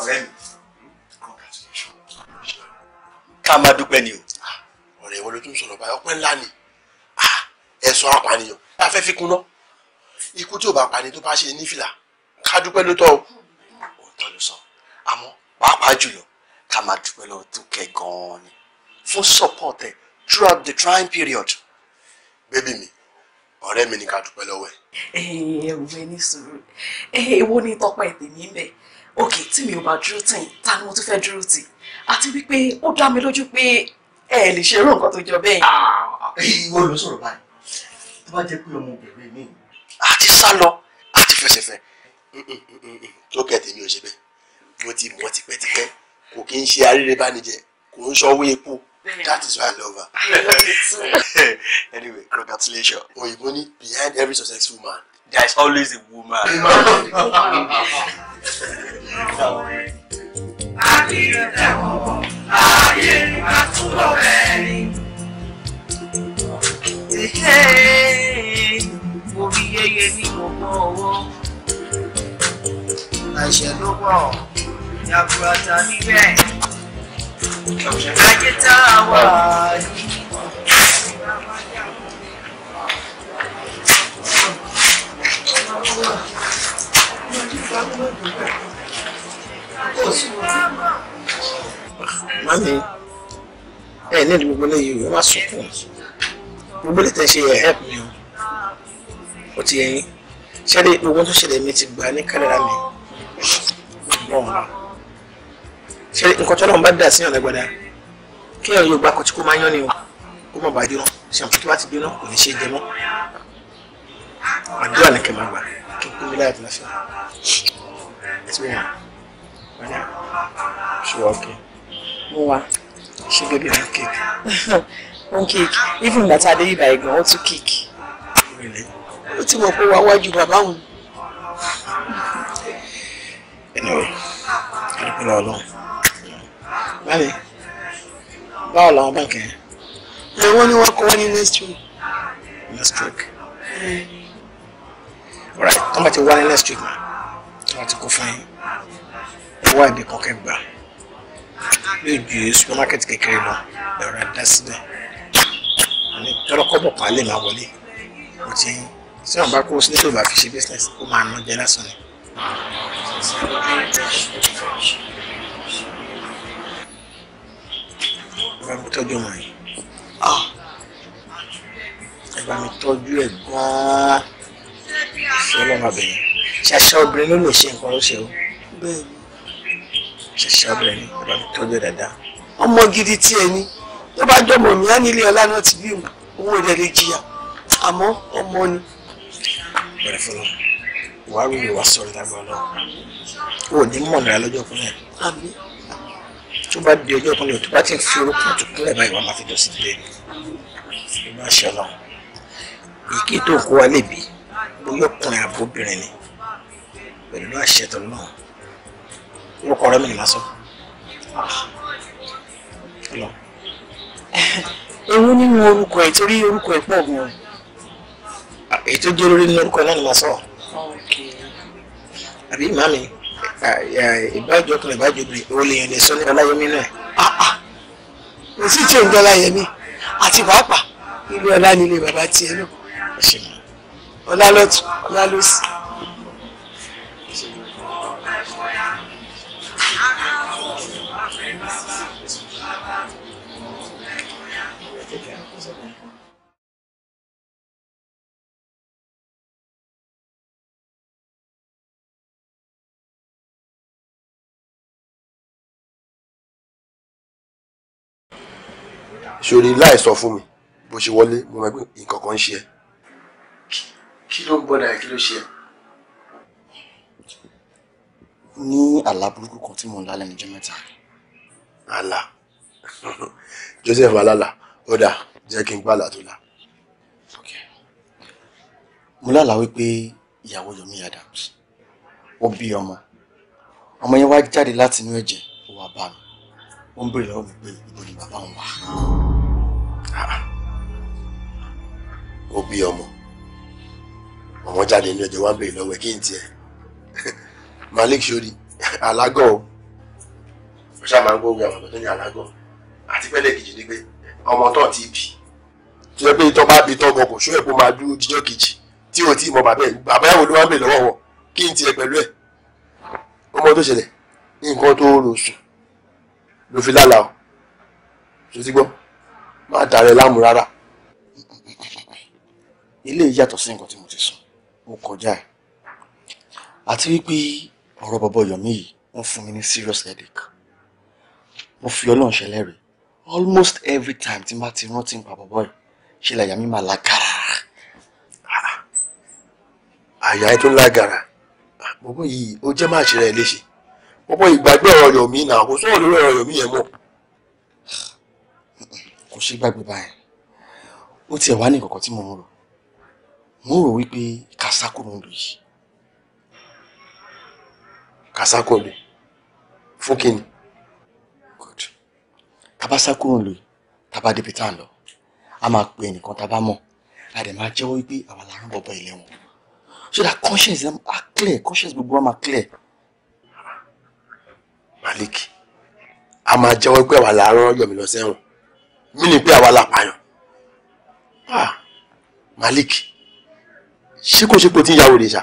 ọ̀rẹ́ mi ká máa dúpẹ́ ni o. ọ̀rẹ́ ìwọ ló tún sọ̀rọ̀ báyìí ọpẹ́ ńlá ni ah, ẹ̀sọ́ apànìyàn la fẹ́ fi kúná ikú tí ò bá pani tó bá ṣe nífìlà ká dúpẹ́ ló tọ́ o. òótọ́ ló sọ àmọ́ pàápàá jùlọ ká máa dúpẹ́ lọ́wọ́ Tókẹ́ gan-an ni fún support ẹ throughout the trying period. bébì mi ọ̀rẹ́ mi ni ká dúpẹ́ lọ́wọ́ ẹ. ẹ ò wẹ ní sùúrù èwo ni tọpẹ tèmi ń bẹ òkè tí mi ò bá dúró tì ta ni mo tún fẹ́ dúró tì àti wípé ó dá mi lójú pé ẹ lè ṣe irú nǹkan tó jọ bẹ́ẹ̀. Ah, ìwọ ló sọ̀rọ̀ báyìí tó bá jẹ́ pé ọmọbìnrin mi. àti sá lọ àti fẹsẹ̀fẹ́ mm, mm, mm, Tókẹ́ tèmi ò ṣe bẹ́ẹ̀ mo ti mọ̀ tipẹ́tipẹ́ kò kí n ṣe arírébánijẹ kò ń ṣọwọ́ epo that is why i love her. anyway congratulations òyìnbó ní behind every successful man there is always a woman. ayé ló wọ̀ jaburata níbẹ̀ ayé tá a wà yìí. Mami, ẹ ní gbogbo léyìí you, ẹ má sunkún. Gbogbo lè tẹ́ ṣe ẹ̀ help mi o. O ti yẹ yín. Ṣé gbogbo tó ṣẹlẹ̀ mi ti gbà ní kádàrá mi? Bọ́ọ̀lù ṣe nǹkan tí ọlọ́run bá dà síyàn lágbàdá kí ẹ̀rọ yóò gbà kọtí kó máa yán ni o kó má bàá jóná ṣàǹkó tó bá ti jóná kò ní ṣe jẹ mọ́ àdúrà ní kẹmà gbà kí kú mi láyà tó lọ́sẹ̀ ẹ̀sìn mi wà ní ṣùgbọ́n ọ̀kẹ́. mo wà. ṣé bébí ọ̀hún kéèkì. ọ̀hún kéèkì even bàtà débi bàyè gan ó tún kéèkì. ó ti mọ̀ pé wàá wájú bàbá òun. anyway ẹni pé lọ́wọ́ lọ́wọ́ báyìí báwo làwọn báǹkì yẹn. àwọn ni wọn kọ wọn ní next week. next week. alright tó bá ti wá ní next week ma tó bá ti kó fún yín ẹ wá ibi kankan gbà yóò ju supermarket kékeré lọ lọ́rọ̀ dá síbẹ̀ àní tọ́lọ́kọ́bọ̀ kan lè máa wọlé kò tí ń tí wọn bá kó sí nítorí bá fi ṣe business ó máa ná jẹ lásán ni. bá mi tọ́jú ọmọ yìí ah! ẹ bá mi tọ́jú ẹ̀ gan-an ìṣọ́lọ́mọ abẹ̀yẹn ṣàṣà obìnrin ló lè ṣe nǹkan ló o ṣàṣà obìnrin ẹ bá mi tọ́jú ẹ̀ dáadáa ọmọ gidi tí ẹ ní tó bá jọmọ mi á nílé ọlá náà ti bí owó rẹ lè jìyà àmọ́ ọmọ ni. bẹ̀rẹ̀ fọlọ́ wàá rí ìwà sọ̀rọ̀ lágbára náà ò ní mọ̀nà lọ́jọ́ fún ẹ̀ tó bá di ọjọ́ kúnlẹ̀ tó bá ti ń fi orúkọ tó kúnlẹ̀ báyìí wọ́n máa fi dọ̀sí ilé ni ìmọ̀ àṣẹ ọlọ́run èké tó kó wa lébi bóyá ọkùnrin àbóbìnrin ni pẹ̀lú àṣẹ tó náà orúkọ rẹ mi ni màá sọ. Ah. ewu nínú orúkọ ẹ torí orúkọ ẹ pọ̀ gan-an. Ah, èyí tó jẹ́ lórí nínú orúkọ náà ni màá sọ. àbí màmí ìbájọ kan ìbájọ bìrì o lè lè sọ ní ọláyẹmí náà. àà kò sí tí òun dọ́láyẹmí àti pàápàá ilé ọlá nílé bàbá tiẹ̀ náà ọlá lọ́tún ọlá lọ́sì. ṣòrí láì sọ fún mi bó ṣe wọlé mo mọ̀ pé nǹkan kan ń ṣe ẹ́ kí ló ń bọ́dà ẹ̀ kí ló ṣe ẹ́. ní àlá burúkú kan tí mò ń lá lẹ́nu mẹ́ta. àlá Joseph alala ó dà jẹ́ kí n gbàlà tó la. mo lálàá wípé ìyàwó Yomi Adams ó bí ọmọ ọmọ yẹn wá jáde láti inú ẹ̀jẹ̀ ó wá bá mi ó ń bèrè lọ́wọ́ mi pé ibo ni bàbá òun wà. ó ah, ah. bí ọmọ ọmọ jáde inú ẹ̀jẹ̀ wá bèrè lọ́wọ́ kí n tiẹ̀ Malik sori alágọ̀ o ó ṣáà máa ń gbógun àwọn ọ̀dọ́ tó ní alágọ̀ àti pẹ́lẹ́ kejì ni pé ọmọ tó ti bì tí wọ́n pé itọ́ bá bi tọ́ gbọ̀ngàn ṣó ẹ̀kọ́ máa dúró jíjọ́ kejì tí ò tí ì mọ bàbá ẹ̀ bàbá ẹ̀ wò ló wá ń bèrè lọ́wọ́ wọn kí n tiẹ̀ pẹ̀lú ẹ̀ ọmọ tó ṣẹlẹ̀ ní nǹkan tó rò sùn ló fi lálàá o ṣe ti gbọ́ má dàrẹ láàmú rárá ilé yàtọ̀ sí nǹkan tí mo ti sùn ó kọjá ẹ̀ àti wípé ọ̀rọ̀ bọ̀bọ̀ yọ̀mí yìí wọ́n fún mi ní serious headache mo fi ọlọ́run ṣẹlẹ́rìí almost every time tí n bá ti rántí nípa bọ̀bọ̀ yìí ṣe làyà mi máa lágara àyà ẹ tó lágara bọ̀bọ̀ yìí ó jẹ́ máa ṣe rẹ̀ léṣe gbogbo ìgbàgbé ọ̀rọ̀ yòmí náà kò sọ̀rọ̀ lórí ọ̀rọ̀ yòmí yẹn mọ́. kò ṣe gbàgbé báyìí ó tiẹ̀ wá ní kọ̀kọ́ tí mo ń rò mo ń rò wípé kásákòrò ń lò yìí kásákòrò fún kíni tabasákòrò ń lò yìí tábà débi tá à ń lọ a máa pe ẹnìkan tábà mọ̀ a máa jẹ́wọ́ wípé àwa la rán bọ̀bọ̀ ilé wọn so that conscience dem are clear conscience gbogbo wa máa clear. Malik a máa jẹ́wọ́ pé àwa la rán Yọ̀mí lọ sẹ́wọ̀n mí ni pé àwa la ah Malik ṣé kò ṣe pé o ti ń ya wèrè ṣá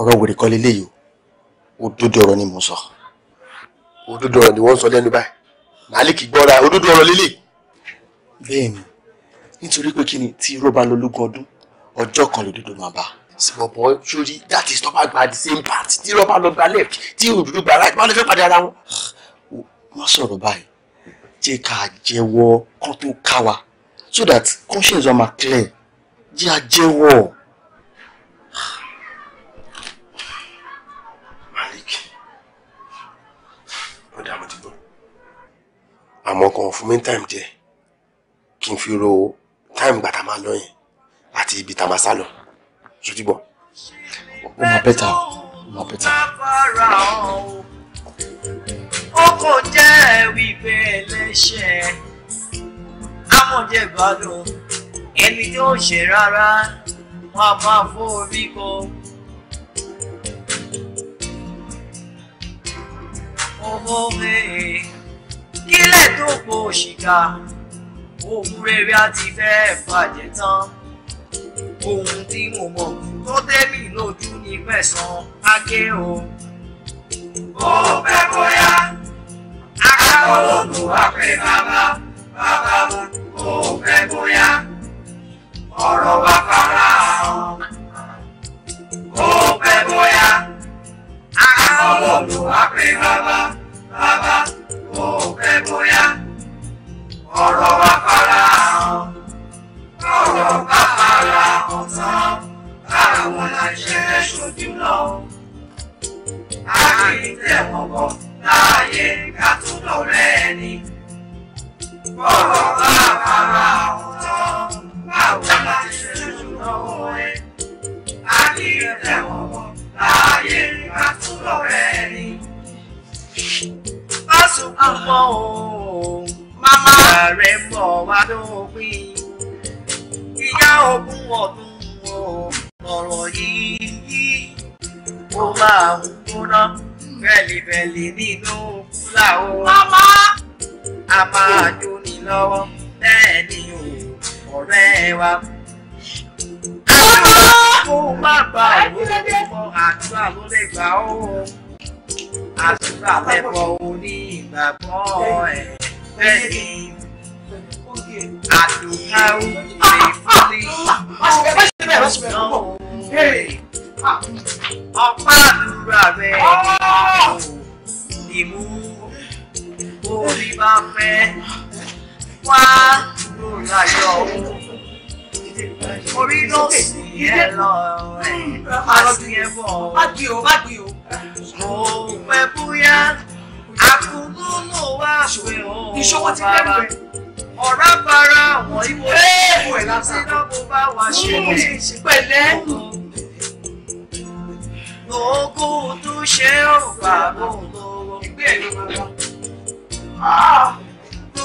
ọ̀rọ̀ wèrè kan lélẹ́yìí o òdodo ọ̀rọ̀ ni mò ń sọ òdodo ọ̀rọ̀ ni wọ́n ń sọ lẹ́nu báyìí Malik gbọ́ra òdodo ọ̀rọ̀ lélẹ́yìí. bẹ́ẹ̀ni nítorí pé kí ni tí irọ́ bá lọ lógún ọdún ọjọ́ kan lòdodo máa bá a sọ̀bọ̀ sórí that is tọ́ba gba the same part tí rọ́bà lọ gba left tí òdúdú gba right máa lọ fẹ́ padà ara wọn. Ah, wọ́n sọ̀rọ̀ báyìí jẹ́ ká jẹ́wọ́ kán tó ká wa so that conscience wa máa clear jẹ́ a jẹ́wọ́. Malik ó dààmú ti gbọ́ àmọ́ kàn fún mi time jẹ kí n fi ro time gbàtà máa lọ yẹn àti ibi tá a máa sá lọ. Oh, oh, ṣùdìbọ̀ ó máa bẹ́tà ó máa bẹ́tà. ó kò jẹ́ wípé ẹlẹ́ṣẹ̀ amọ̀jẹ̀gbádùn ẹni tó ń ṣe rárá wọn a máa fóorí kọ. ọmọ rẹ̀ kílẹ̀ tó po òṣìkà òun rere á ti fẹ́ bàjẹ́ tán ohun tí mo mọ̀ tó tẹ́mi lójú ni mẹ́sàn-án o. ó pẹ́ bóyá akáwọ̀ lòdù wá pé bàbá bàbá mo ó pẹ́ bóyá ọ̀rọ̀ wa fara hàn. ó pẹ́ bóyá akáwọ̀ lòdù wá pé bàbá bàbá ó pẹ́ bóyá ọ̀rọ̀ wa fara hàn sọ̀rọ̀ bàbàrà ọ̀tán àwọn làṣẹ ṣojú lọ. a kì í tẹ̀wọ̀gbọ̀ láàyè ká tún lọ́rẹ́ ẹni. sọ̀rọ̀ bàbàrà ọ̀tán àwọn làṣẹ ṣojú lọ ẹ. a kì í tẹ̀wọ̀gbọ̀ láàyè ká tún lọ́rẹ́ ẹni. bá sùn kú mọ́ o màmá rẹ̀ bọ̀ wá lópin ti já ogún ọdún ọ̀rọ̀ yìí ó máa ń gbóná bẹ́lìbẹ́lì nínú kúlà o. Màmá! A máa jóni lọ́wọ́ bẹ́ẹ̀ ni o ọ̀rẹ́ wa. Àwọn kó má gba òwò àdúrà ló lè gbà ó. Àdúrà lẹ́bọ̀ onígbàgbọ́ ẹ̀ bẹ́ẹ̀ ni àti ìfúnni ọ̀pá àdúrà rẹ̀ ìmú orí bá fẹ́ wá lóra yọ orí ló sì yẹ lọ rẹ̀ á sí ẹ bọ̀ mo fẹ́ bóyá àkùnúnú wá ìṣòwò ti dẹ́rù ọ̀rá bara àwọn ìwọ ìṣòwò ẹ̀ lásán tí náà kó bá wà ṣe pẹ̀lẹ́ ogún tó ṣe ọ̀gbà gbòǹgbò ìgbé ẹ̀rọ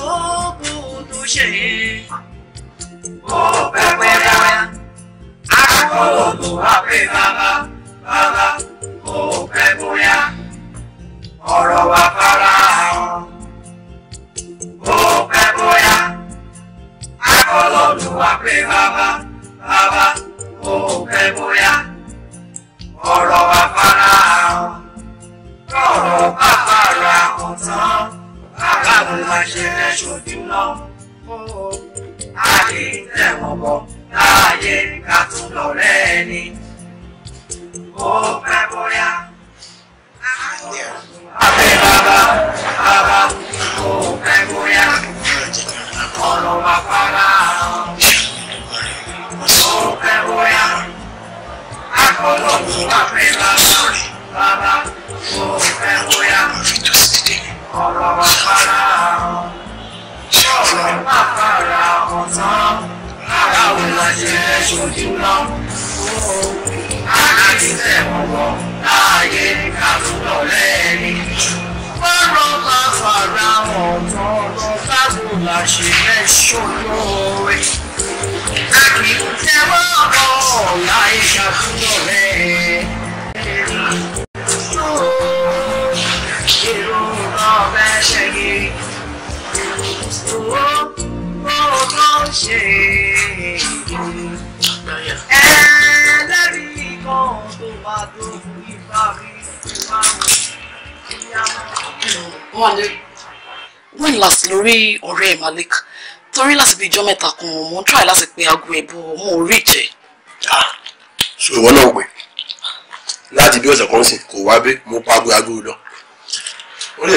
ogún tó ṣe ó pẹ́pẹ́ rárá àkókò àpè bàbá bàbá.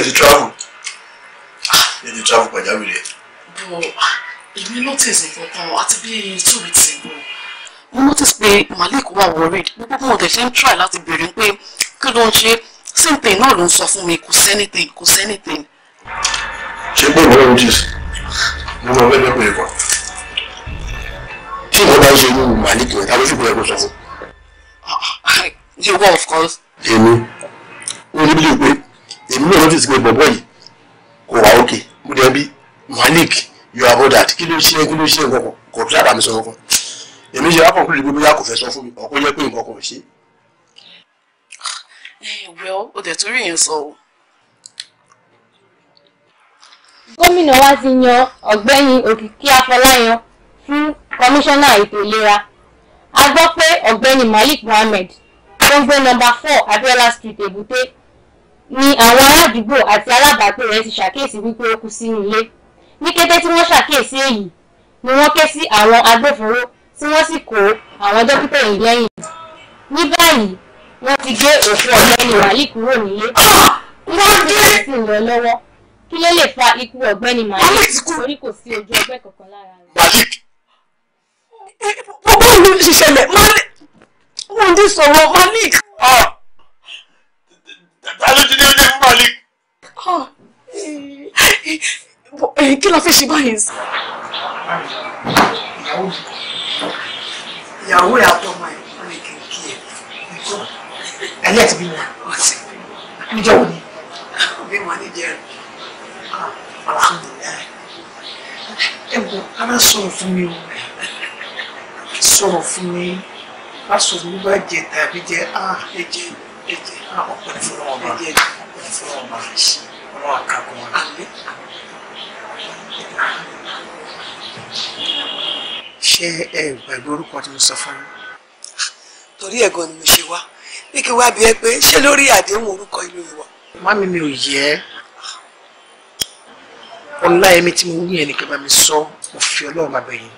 ti travel ah, ẹ ti travel pàjáwìrì ẹ. bọ ah, èmi notice nǹkan kan àti bíi two weeks ago mo notice pé Malik wà worried gbogbo mo dẹ̀ ṣe ń try láti béèrè pé kí ló ń ṣe same thing náà ló ń sọ fún mi kò anything. kò sẹ́nìtìn. ṣé bó ìwé ojú ni mo fẹ́ lọ́pọ̀ ẹ̀kọ́ tí ìwọ bá ń ṣe irú Malik yẹn tàbí ṣùgbọ́n ẹ̀kọ́ sọ fún. Ah, you were of course. èmi ò ní bí lè pé èmi náà notice pé bọ̀bọ̀ yìí kò wá òkè mo dẹ̀ bí Malik you are bothered kí ló ṣe kí ló ṣe nǹkan kò tó dára mi sọ fún èmi ṣe wákàn kúrò bóyá kò fẹ́ sọ fún mi ọ̀pọ̀ yẹ pé nǹkan kan ṣe. Eh, well o dẹ̀ tún rí yẹn sọ o. gómìnà wa ti yan ọ̀gbẹ́ni Òkìkí Afọláyan fún kọmíṣánná ètò ìlera a gbọ́ pé ọ̀gbẹ́ni Malik Mohammed tó ń gbé nọ́mbà Abiola Street Èbúté ni àwọn aládùúgbò àti alábàágbé rẹ̀ ti ṣàkíyèsí wípé ó kú sínú ilé ní kété tí wọ́n ṣàkíyèsí èyí ni wọ́n ké sí àwọn agbófinró tí wọ́n sì kó àwọn dókítà yìí lẹ́yìn ní báyìí wọ́n ti gé òkú ọ̀gbẹ́ni wàlí kúrò nílé ah! wọ́n gé sì ń lọ lọ́wọ́ kí ló lè fa ikú ọ̀gbẹ́ni màálí torí kò sí ojú ọgbẹ́ kankan lára rẹ̀. bàbá mi ṣiṣẹ́ lẹ̀ máa ní wọ́n ti sọ̀rọ̀ máa ta ló ti dédé fún Malik. kí la fẹ́ ṣe báyìí sí. ìyàwó rẹ̀ àtọmọ ẹ̀ wọ́n lè kéèké ẹ̀ nìkan ẹ̀lẹ́ ti bímọ ọ̀sẹ̀ níjọ́ wo ni. bímọ níjẹrin ah, alhamdulilayi ẹ bọ ara sọ̀rọ̀ fún mi o sọ̀rọ̀ fún mi bá sọ̀rọ̀ mi bá jẹ tàbí jẹ ah, ẹ jẹ ẹ̀jẹ̀ ọkùnrin fún wọn bá ẹ̀jẹ̀ ọkùnrin fún wọn bá wọn àkàkùn wọn. ṣé ẹ gbàgbé orúkọ tí mo sọ fún yín. torí ẹ̀gàn ni mo ṣe wá bí kí wá bí ẹ pé ṣé lórí àdéhùn orúkọ ìlú ìwà. mami mi ò yẹ ẹ́ ọlá ẹ̀mí tí mo wú yẹn nìkan bá mi sọ òfin ọlọ́run bàbá yìí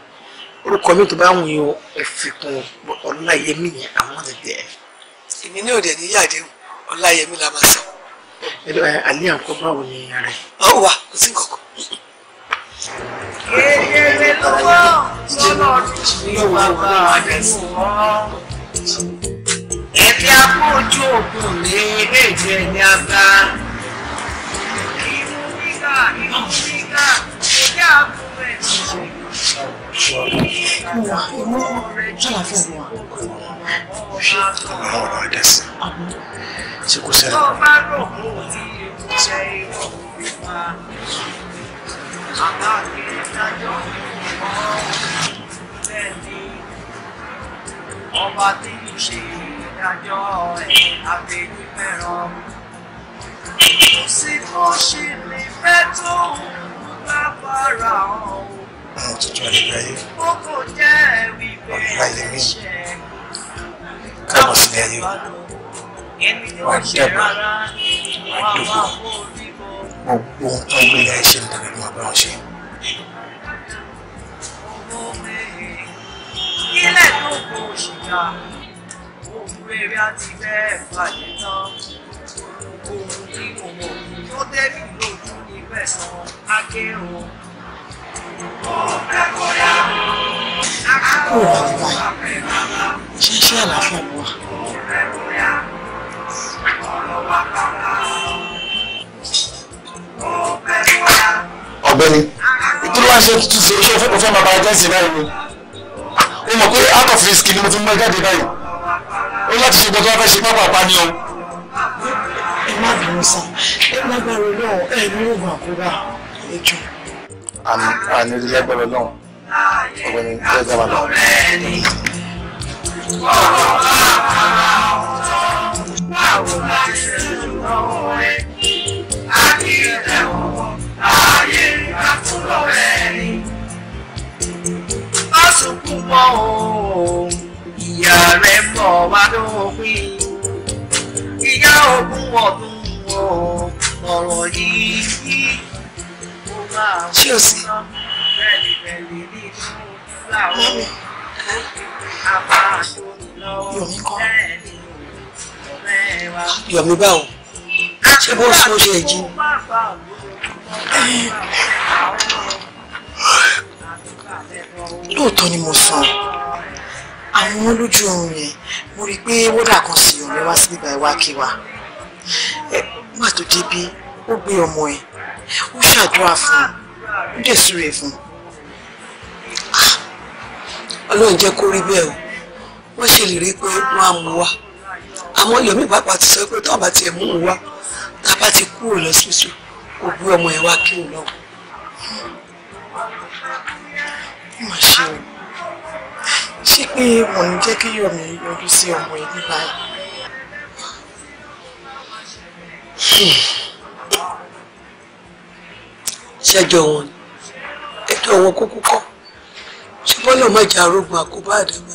orúkọ mi tó bá wù yín ẹ fi kún ọlá ẹ̀mí yẹn àwọn ọ̀dẹ̀dẹ̀ èmi ní òde níyàdé ọláyẹmí la máa sọ. alẹ́ àkọ́ báwo ni ara ẹ̀. ọ wà kò sí kankan. èrè lówó lọ́nà ìjìnlẹ̀ bàbá àdéhùn wọn. ẹ̀mí akójú òkun ní èdè ẹ̀mí àgbà. ìmú nígà ìmú nígà èdè àbúrò ẹ̀ lọ́wọ́. ìmú ìmú ṣàlàfíà ni wà mo ṣe ọ̀rọ̀ ọ̀rọ̀ ẹ̀dá sí tí kò sẹ́nu. tó bá rò ó ti jẹ ìwọ̀n wa àbá mi dájọ́ ìwọ̀n bẹ́ẹ̀ ni ọba tí kì í ṣe ìdájọ́ ẹ̀ àbẹ̀yí fẹ́ràn. kò tell you wà á jẹ́ ẹ̀bùn wà á dúró gbogbo nǹkan gbélé ẹ̀ṣẹ̀ ní tàbí máa bá wọn ṣe. ilẹ̀ tó kó òṣìkà òun rere àti bẹ́ẹ̀ bàjẹ́ tán òun ní òun tó débì lòdù ní bẹ̀sán akérò. Ṣé ṣé àlàáfíà wà? ọ̀gbẹ́ni kí ló wá ṣe tuntun ṣe ṣé o fẹ́ bàbá ajá sí báyìí ni o mọ̀ pé out of risk ni mo ti mú ẹ jáde báyìí o láti ṣe gbọ́dọ̀ wá fẹ́ ṣe pápá pa ni o. ẹ má bínú sá ẹ má gbára Ọlọ́run ẹ ní oògùn àkóbá ẹjọ. àmì àmì ìlẹ́gbẹ̀rẹ̀ Ọlọ́run ọ̀gbẹ́ni ẹ jábàá lọ ìyàwó ìyá rẹ̀ bọ̀ wá lópin. Ìyá ogún ọdún ọ̀rọ̀ yìí yí. Ṣé o sì? Bẹ́ẹ̀ni bẹ́ẹ̀ni ní ìlú Fúláwọ̀, ó fi àbá àjò ìlọ́wọ́ bẹ́ẹ̀ni yọ̀mí báwo ṣé bó sún ṣe jí. lóòótọ́ ni mo sàn àwọn olójú oorun yẹn mo rí i pé wọ́dà kan sì ọ̀rẹ́ wá sí bíbá ìwá kí wa tó débi ó gbé ọmọ ẹ̀ ó ṣàdúrà fún ó dẹ̀ súre fún ah! ọlọ́run jẹ́ kó rí bẹ́ẹ̀ o wọ́n ṣe lè rí pé wọ́n á mú wa àwọn yòómì pàápàá ti sọ pé tó bá tiẹ̀ mú un wá tá a bá ti kúrò lọ síṣù kò gbé ọmọ ẹ̀ wá kí n lọ. mà ṣe o ṣé pé mo ní jẹ́ kí yọ̀mí yọjú sí ọmọ ẹ̀ ní báyìí. ṣẹjọ wọn ẹjọ́ wọn kúkú kọ ṣé bọlọ má arógun àkóbá àdàbà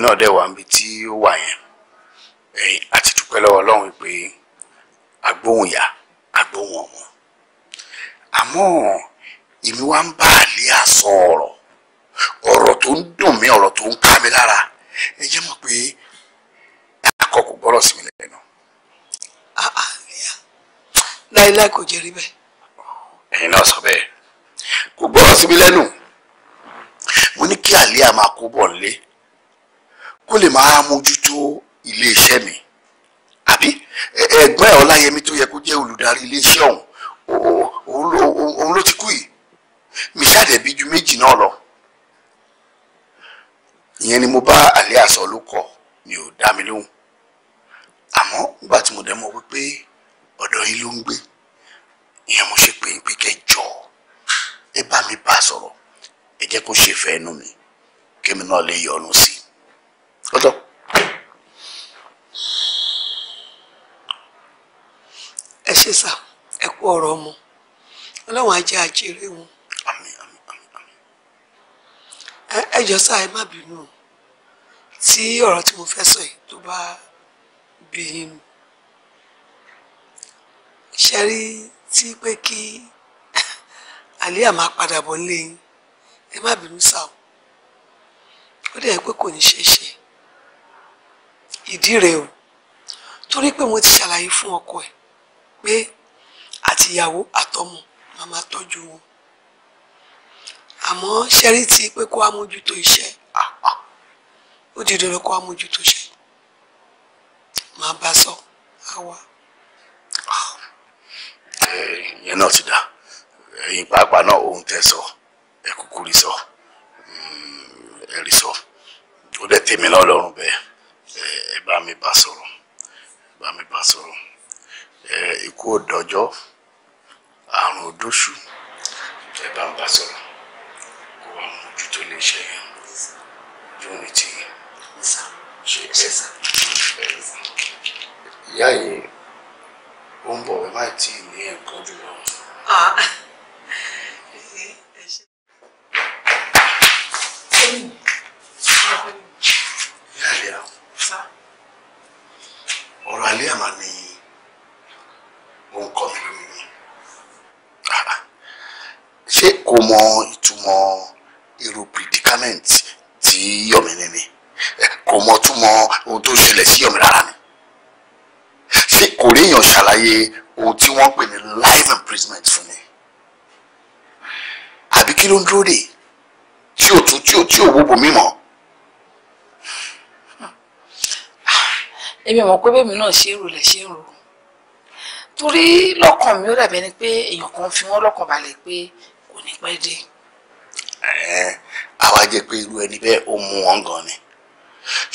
mi náà dẹ̀ wà níbi tí ó wà yẹn ẹ̀yìn àti dúpẹ́ lọ́wọ́ ọlọ́run pé agbóhùn yá agbóhùn ọmọ àmọ́ èmi wá ń bá àlẹ́ àsọ ọ̀rọ̀ ọ̀rọ̀ tó ń dùn mí ọ̀rọ̀ tó ń ká mi lára ẹ jẹ́ mọ̀ pé akọkọ̀ gbọ́rọ̀ sí mi lẹ́nu. láìláì kò jẹ́ bẹ́ẹ̀. ẹ̀yin náà sọ bẹ́ẹ̀ kò gbọ́rọ̀ sí mi lẹ́nu mo ní kí àlẹ́ àmà kó bọ̀ lé kó lè máa mójútó iléeṣẹ́ mi àbí ẹ̀gbọ́n ẹ̀ ọláyẹmí tó yẹ kó jẹ́ olùdarí iléeṣẹ́ ọ̀hún òun ló ti kú yìí mísàdẹ̀bí ju méjì náà lọ ìyẹn ni mo bá àlẹ́ àṣọ ló kọ mi ò dá mi lóhùn àmọ́ nígbà tí mo dẹ̀ mọ̀ wípé ọ̀dọ̀ yín ló ń gbé ìyẹn mo ṣe pé pé kẹjọ ẹ bá mi bá a sọ̀rọ̀ ẹ jẹ́ kó ṣe fẹ́ inú mi kémi náà lè yọnu sí i. ṣe sà ẹ kú ọ̀rọ̀ ọmọ ọlọ́run ajé àjèrè wọn. àmín àmín àmín àmín. ẹ jọ̀ọ́ sà ẹ má bínú o tí ọ̀rọ̀ tí mo fẹ́ sọ yìí tó bá bí inú ṣe rí tí pé kí àlíyà máa padà bọ̀ nílé yín ẹ má bínú sà o ó dẹ̀ pé kò ní ṣe é ṣe ìdí rèé o torí pé mo ti ṣàlàyé fún ọkọ ẹ̀ pé àtìyàwó àtọmọ máa máa tọ́jú wọn àmọ́ ṣẹ́rí ti pé kó wá mójútó iṣẹ́ ó di dandan kó wá mójútó iṣẹ́ máa bá sọ àwa. ìyẹn náà ti dá ẹ̀yin pàápàá náà ohun tẹ́ sọ ẹ kúkú rí sọ hmm, ẹ rí sọ ó dẹ̀ tèmi náà lọ́rùn bẹ́ẹ̀ ẹ bá mi bá sọ̀rọ̀ bá mi bá sọ̀rọ̀. Eh, ikú òdọjọ́ àrùn òdóṣù ẹ bá ọba sọ̀rọ̀ kó wàá mójú tó lè ṣe yẹn unity ṣe ẹ ìyá yìí ó ń bọ̀ ẹ má tí ì ní ẹ̀kọ́ jùlọ. Ah. kó mọ ìtumọ̀ irú predicament tí yọ̀mí ní ni kò mọ túmọ̀ ohun tó ṣẹlẹ̀ sí yọ̀mí rárá ni ṣé kò ríyàn ṣàlàyé ohun tí wọ́n pè ní life imprisonment fún mi àbí kí ló ń dúró dè tí ò tún tí ò tí ò wúbo mímọ́. èmi mọ̀ pé bẹ́ẹ̀ mi náà ṣe ń rò ṣe ń rò torí lọ́kàn mi ó dàbí ẹni pé èèyàn kan fi wọ́n lọ́kàn balẹ̀ pé kò ní pẹ́ àwa jẹ́ pé irú ẹni bẹ́ẹ̀ ó mú wọn gan ni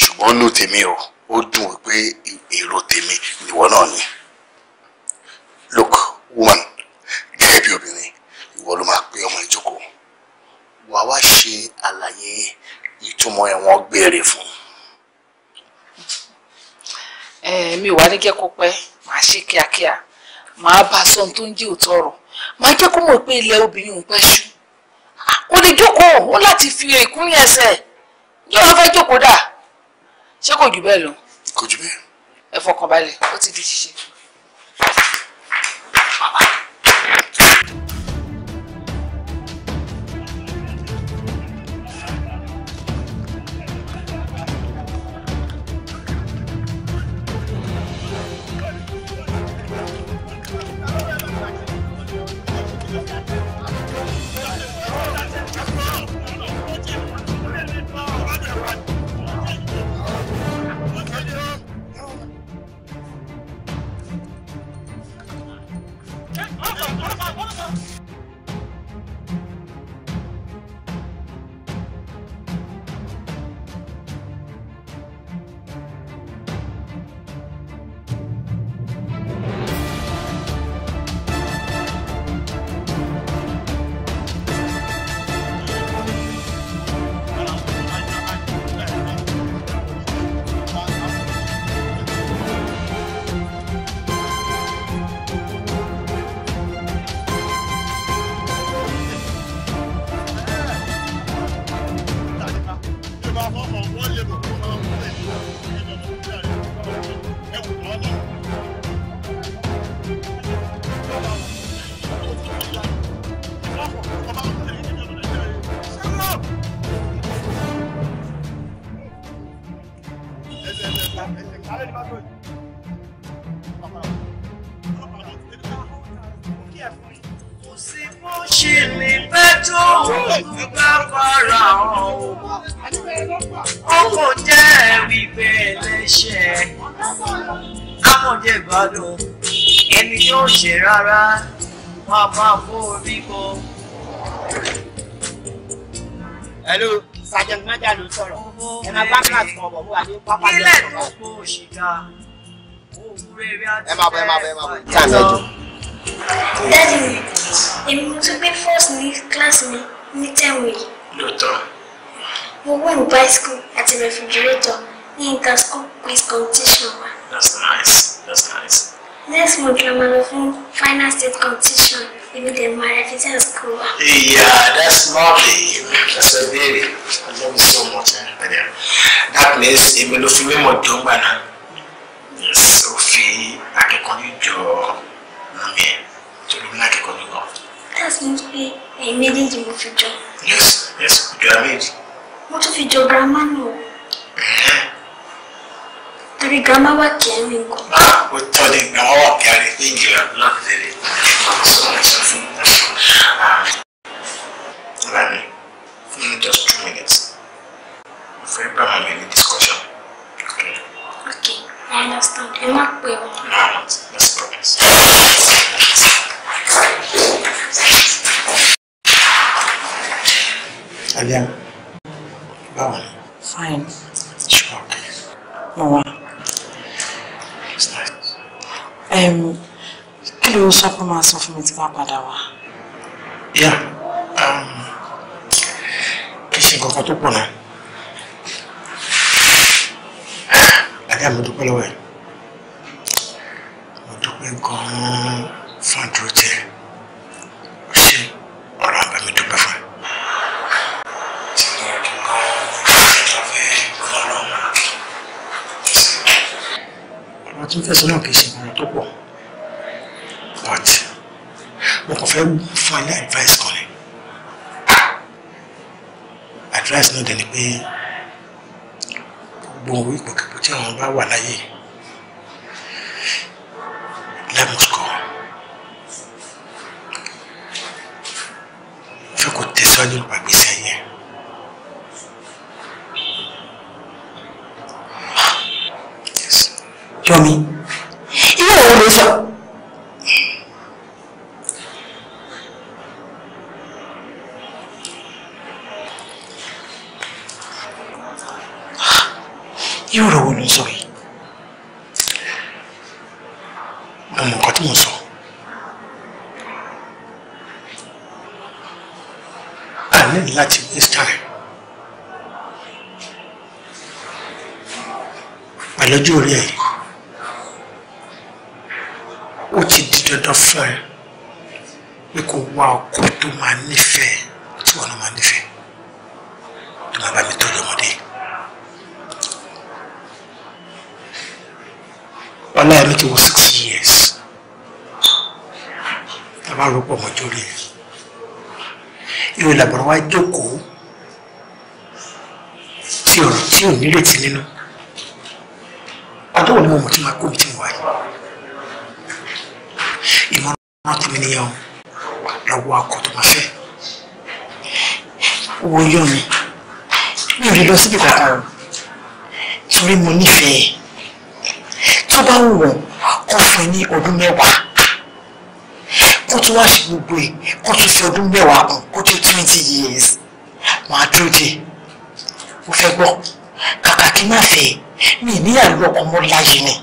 ṣùgbọ́n nù tèmi o ó dùn pé èrò tèmi nìwọ náà ni. look woman gẹ́gẹ́ bí obìnrin ìwọ ló máa pé ọmọ ìjókòó wà wá ṣe àlàyé ìtumọ̀ ẹ̀wọ̀n gbére fún. mi ò wá ní kẹ́kọ̀ọ́ pẹ́ màá ṣe kíákíá màá bá a sọ ohun tó ń jẹ́ òótọ́ ọ̀rọ̀ máa jẹ́ kó mọ̀ pé ilẹ̀ obìnrin ò pẹ́ ṣú o lè jókòó ó láti fi ìkúnlẹ̀ ẹsẹ̀ ní ọ̀rọ̀ fẹ́ jókòó dà ṣé kò jù bẹ́ẹ̀ lọ. kò jù bẹ́ẹ̀. ẹ fọkàn balẹ̀ ó ti di ṣíṣe. rárá máa máa mú orí ko. hello sergeant májà ló sọ̀rọ̀ ẹ máa bá class kan bọ̀ wà ní pápá jẹ́ ọ̀rọ̀ kó o ṣì ga ẹ máa bọ̀ ẹ máa bọ̀ ẹ máa bọ̀ tí a mẹ́jọ. dájú èmi mo tún gbé first ní kíláàsì mi ní tẹ̀wé. lóòótọ́. mo win bicycle àti refrigerator ní nǹkan school quiz competition wa. that's nice that's nice. next month la máa lọ fún Yeah, that's lovely. That's a baby. I love you so much. Eh? But that means èmi ló fi mímọ̀ dọ́gba náà. Yes, Sophie, fi akẹ́kọ̀ọ́ ní jọ mami ẹ̀ torí mi lákẹ́kọ̀ọ́ ní wọn. That means pé ẹ̀yin méjèèjì mo fi jọ. Yes, yes, ojú àmì. Mo tún fi jọ grandma náà torí grandma wà kẹrin nǹkan. Ah, ó tọ́ ni grandma wà kẹrin ní ìgbìyà lọ́nà lélẹ̀ sọ fún just two minutes mo fẹ́ bá màmí ní discussion. Okay, okay, I understand ẹ má pè wọn. no i want that's promise. Alia, báwo ni? Fine. Ṣùgbọ́n. Mo wá kí ló sọ pé máa sọ fún mi tí bá padà wá. yá kì í ṣe nǹkan kan tó pọ̀ náà àgá mi dúpẹ́ lọ́wọ́ ẹ̀ mo dúpẹ́ gan-an fún àdúró tiẹ̀ ó ṣe ọ̀rọ̀ àbámi dúpẹ́ fún ẹ. ọ̀rọ̀ tí mo fẹ́ sọ náà kì í ṣe tó pọ̀ but mo kàn fẹ́ fún ẹ ní advice kan ni advice náà dẹ̀ ni pé gbogbo ipòkipò tí àwọn bá wà láyé lámùsùkọ fẹ́ kó tẹ̀síwájú nípa gbèsè yẹn. me bàbá rò pọ̀ mọ́jọ́ rí ẹ̀ ìwé làbọ̀rọ̀ wá jókòó tí ọ̀rọ̀ tí ò nírètí nínú ọdún òní mo mọ̀ tí máa kó mi tí mo wáyé ìmọ̀ràn tèmi nìyẹn lọ́wọ́ akọ tó máa fẹ́ owó yọ mi mi ò lè lọ síbi kankan o torí mo nífẹ̀ẹ́ tó bá wù wọ́n kó fún ẹ ní ọdún mẹ́wàá kó tó wá sí gbogbo ẹ̀ kó tó fi ọdún mẹ́wàá kún kó tó twenty years màá dúró dé mo fẹ́ gbọ́ kàkà kí n má fẹ́ mi ní àlọ́ ọkọ̀ láyé ni.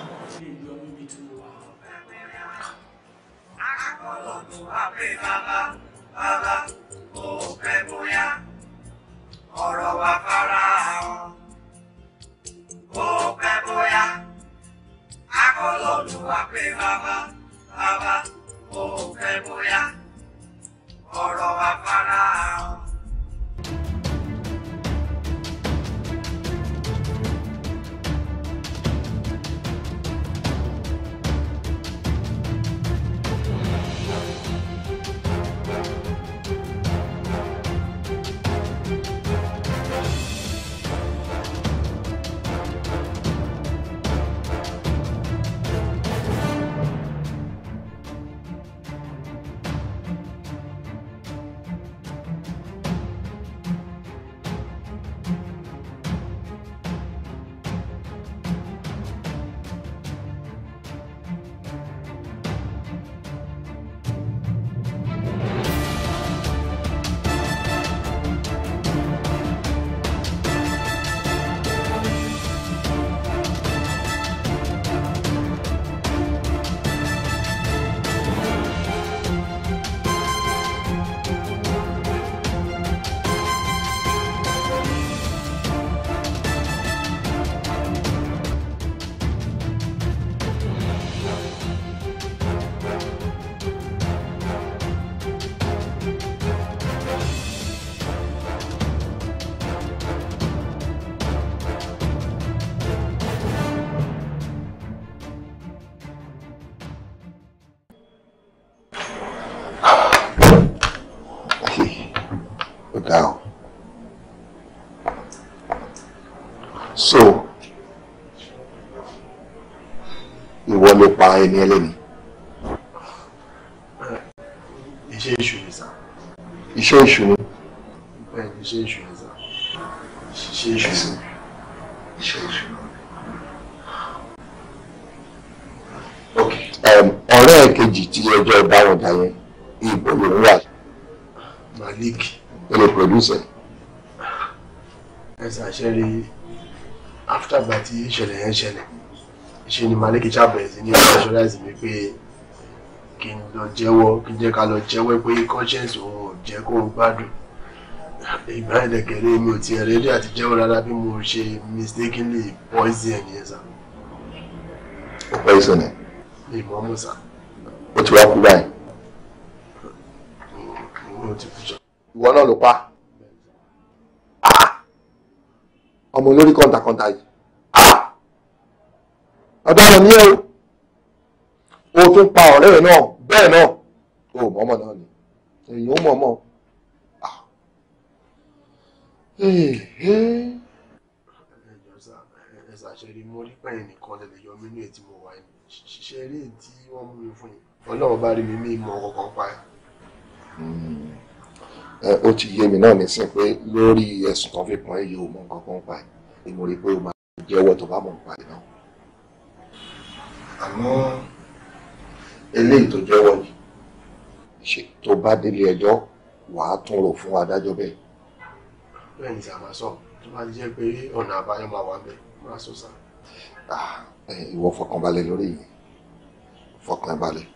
down. So ìwọ ló pa ẹni ẹlẹ́ni. Iṣẹ́ èṣù ni sá. Iṣẹ́ èṣù ni. Bẹ́ẹ̀ni iṣẹ́ èṣù. ìṣẹ̀lẹ̀ yẹn ṣẹlẹ̀ ṣe ni maliki chabez ní insurance mi pé kí n lọ jẹ́wọ́ kí n jẹ́ ká lọ jẹ́wọ́ pé conscience òun ò jẹ́ kó o gbádùn ìgbà ìdẹ̀kẹ̀lé mi ò ti ẹ̀rẹ́dí àti jẹ́wọ́ rárá bí mo ṣe mistakenly poison ẹ̀nìyẹn sá. ó poison ẹ̀. ìmọ̀ mú sá. ó ti wá kú báyìí. ó ti kú jọ. ìwọ náà ló pa ah! ọmọ olórí kọ̀ǹtàkọ̀ǹtà yìí ọ̀daràn ní ẹ o tún pa ọ̀rẹ́ rẹ̀ náà bẹ́ẹ̀ náà o mọ̀ọ́mọ̀ náà ni èyí ó mọ̀ọ́mọ̀ ah. ṣàṣẹrí mo rí pẹ̀yìn nìkan lè lè yọ mí ní ètí mo wà ní ṣiṣẹ́ eré tí wọ́n mú mi fún yìí ọlọ́run bá rí mi ní ìmọ̀ ọkọ̀ pa ẹ̀. Hmm. ó ti yé mi náà nísìn pé lórí ẹ̀sùn kan fi kàn ẹ́ yìí ò mọ̀ nǹkan kan pa ẹ̀ ni mo rí pé ó máa jẹ́wọ́ tó bá mọ̀ nípa ẹ̀ náà àmọ́ eléyìí tó jẹ́wọ́ yìí ṣe tó bá délé ẹjọ́ wàá tún rò fún adájọ́ bẹ́ẹ̀. bẹ́ẹ̀ ni sàmà sọ tó bá jẹ́ pé ọ̀nà àbáyọ máa wà bẹ́ẹ̀ máa sọ sá. Ah, ìwọ fọkànbalẹ̀ lórí yìí fọkànbalẹ̀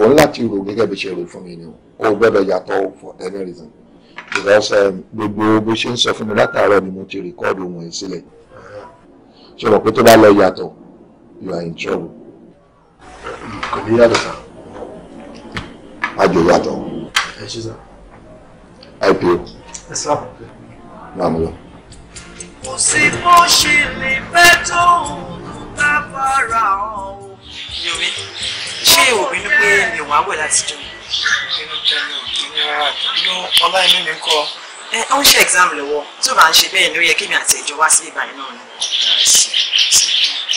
òun láti rò gẹ́gẹ́ bí ṣe rò fún mi ni o gbọ́dọ̀ yàtọ̀ for any reason because um, gbogbo bó ṣe ń sọ fún mi látàárọ̀ ni mo ti rìkọ́ọ̀dù ohun ẹ̀ sílẹ̀ ṣe rò pé tó bá lọ yàtọ̀ you are in trouble kò ní yàtọ̀ sá. àjò yàtọ̀. ẹ ṣe sá. é ẹ sá. máa mú lọ. kò sí bó ṣe lè pẹ́ tó bá fara hàn o. ṣé òbí ni pé mi ò wá láti jẹun. inú tẹ̀lé òbí rárá inú ọlá mi ń kọ́. ẹ ń ṣe exam lọ́wọ́ tó bá ń ṣe bẹ́ẹ̀ ni ó yẹ kí mi àti ìjọ wá sí ìbàyẹn náà ni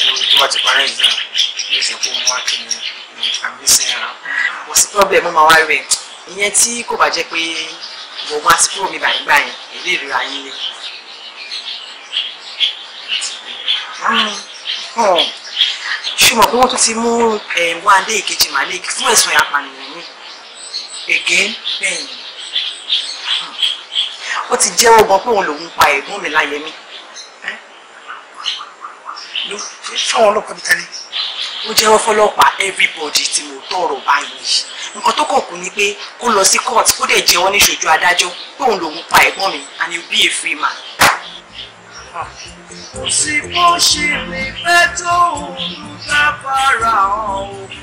tó bá ti parí exam yóò ṣe kó mú wá kí ni àbí sí ẹran. kò sí problem ó máa wá rẹ̀ ìyẹn tí kò bá jẹ́ pé mo máa ti kúrò mi báyìí báyìí èlé ìrora yín ni. Ah, oh. ṣùgbọ́n pé wọ́n tún ti mú eh, wá dé ìkejì màlẹ́ fún ẹ̀sùn ìyàpànìyàn hmm. mi again mi ló fáwọn ọlọ́pàá bíi tẹ́lẹ̀ mo jẹ́wọ́ fọlọ́pàá everybody tí mo tọrọ báyìí nǹkan tó kàn kù ni pé kó lọ sí court kó dẹ̀ jẹ́wọ́ níṣojú adájọ́ pé òun lòun pa ẹ̀gbọ́n mi and he will be a free man. kò sí bó ṣe lè fẹ́ tó olùdábàárà ọ̀hún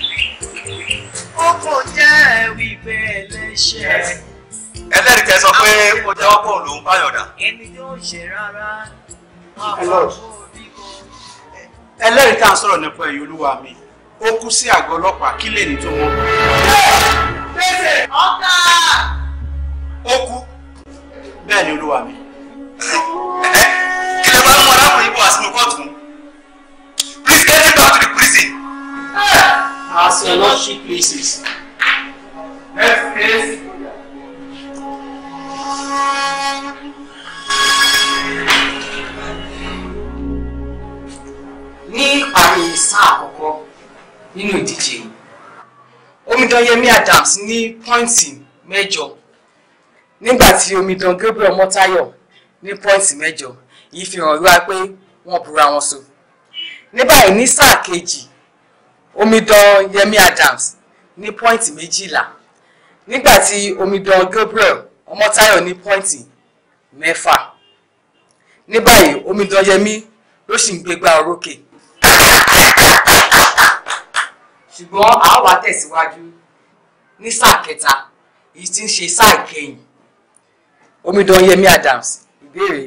ó kò jẹ́ ẹ̀rí bẹ́ẹ̀ lẹ́sẹ̀. ẹlẹ́rìí kẹ sọ pé ó jẹ́wọ́ pé òun lòun pààyàn dà. ẹni yóò ṣe rárá. ẹ lọ́ọ̀dù ẹlẹ́rìí tá à ń sọ̀rọ̀ nípa ẹ̀yìn olúwa mi ó kú sí àgọ́ ọlọ́pàá kí lè ní tó mọ́. pèsè ọ̀gá. ó kú bẹ́ẹ̀ ni olúwa mi. kí lè máa ń mú arákùnrin bọ̀ wá sínú kóòtù please get him back to the prison. as your lordship pleases. next case. ní ìparí sáà àkọ́kọ́ nínú ìdíje yìí omidan Yẹmí Adams ní pọ́ìntì mẹ́jọ nígbà tí omidan Gabriel Mọ́táyọ̀ ní pọ́ìntì mẹ́jọ yìí fi hàn wá pé wọ́n búra wọn so ní báyìí ní sáà kejì omidan Yẹmí Adams ní pọ́ìntì méjìlá nígbà tí omidan Gabriel Ọmọ́táyọ̀ ní pọ́ìntì mẹ́fà ní báyìí omidan Yẹmí ló sì ń gbégbá orókè. Okay ṣùgbọ́n a wá tẹ̀síwájú ní sáà kẹta èyí tí ń ṣe sáà ìkẹyìn omidan Yẹmí Adams ìbéèrè.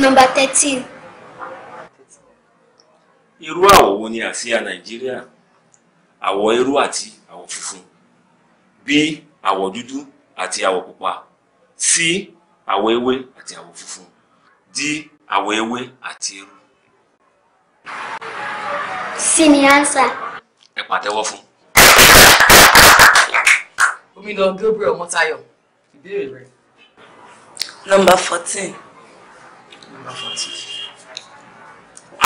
nọ́mbà thirteen. irú àwọ̀ wo ni àsíá Nàìjíríà àwọ̀ eérú àti àwọ̀ funfun b àwọ̀ dúdú àti àwọ̀ pupa c àwọ̀ ewé àti àwọ̀ funfun d àwọ̀ ewé àti eérú sí ni ánsà. ẹ pàtẹ́wọ́ fún. gómìnà Gabriel Ọmọ́táyọ̀ ìbéèrè rẹ. nọ́mbà fourteen. nọ́mbà fourteen.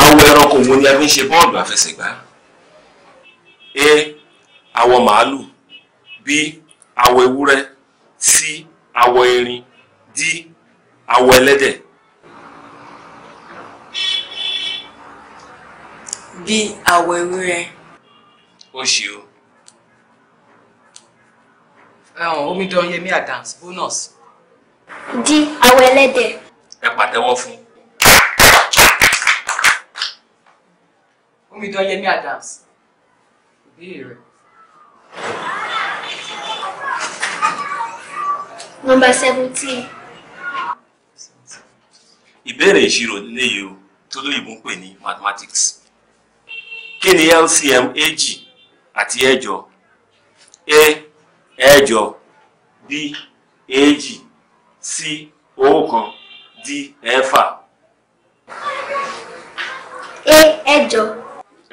awọ ẹranko wo ni a fi ń ṣe bọ́ọ̀lù àfẹsẹ̀gbá a awọ màálù b awọ ewúrẹ́ c awọ erin d awọ ẹlẹ́dẹ̀. bí àwọ̀ ewúrẹ́. ó ṣe o. ẹ̀wọ̀n omidan yemi adams bonus. di àwọ̀ ẹlẹ́dẹ̀. ẹ pàtẹ́wọ́ fún un. omidan yemi adams ìbéèrè rẹ. Number seventeen. Ìbéèrè ìṣirò nílé yìí o, tó lóyìnbó ń pè ní mathematics kí ni LCM èjì àti ẹ̀jọ a ẹ̀jọ b èjì c ọ̀kan d ẹ̀fà. a ẹ̀jọ.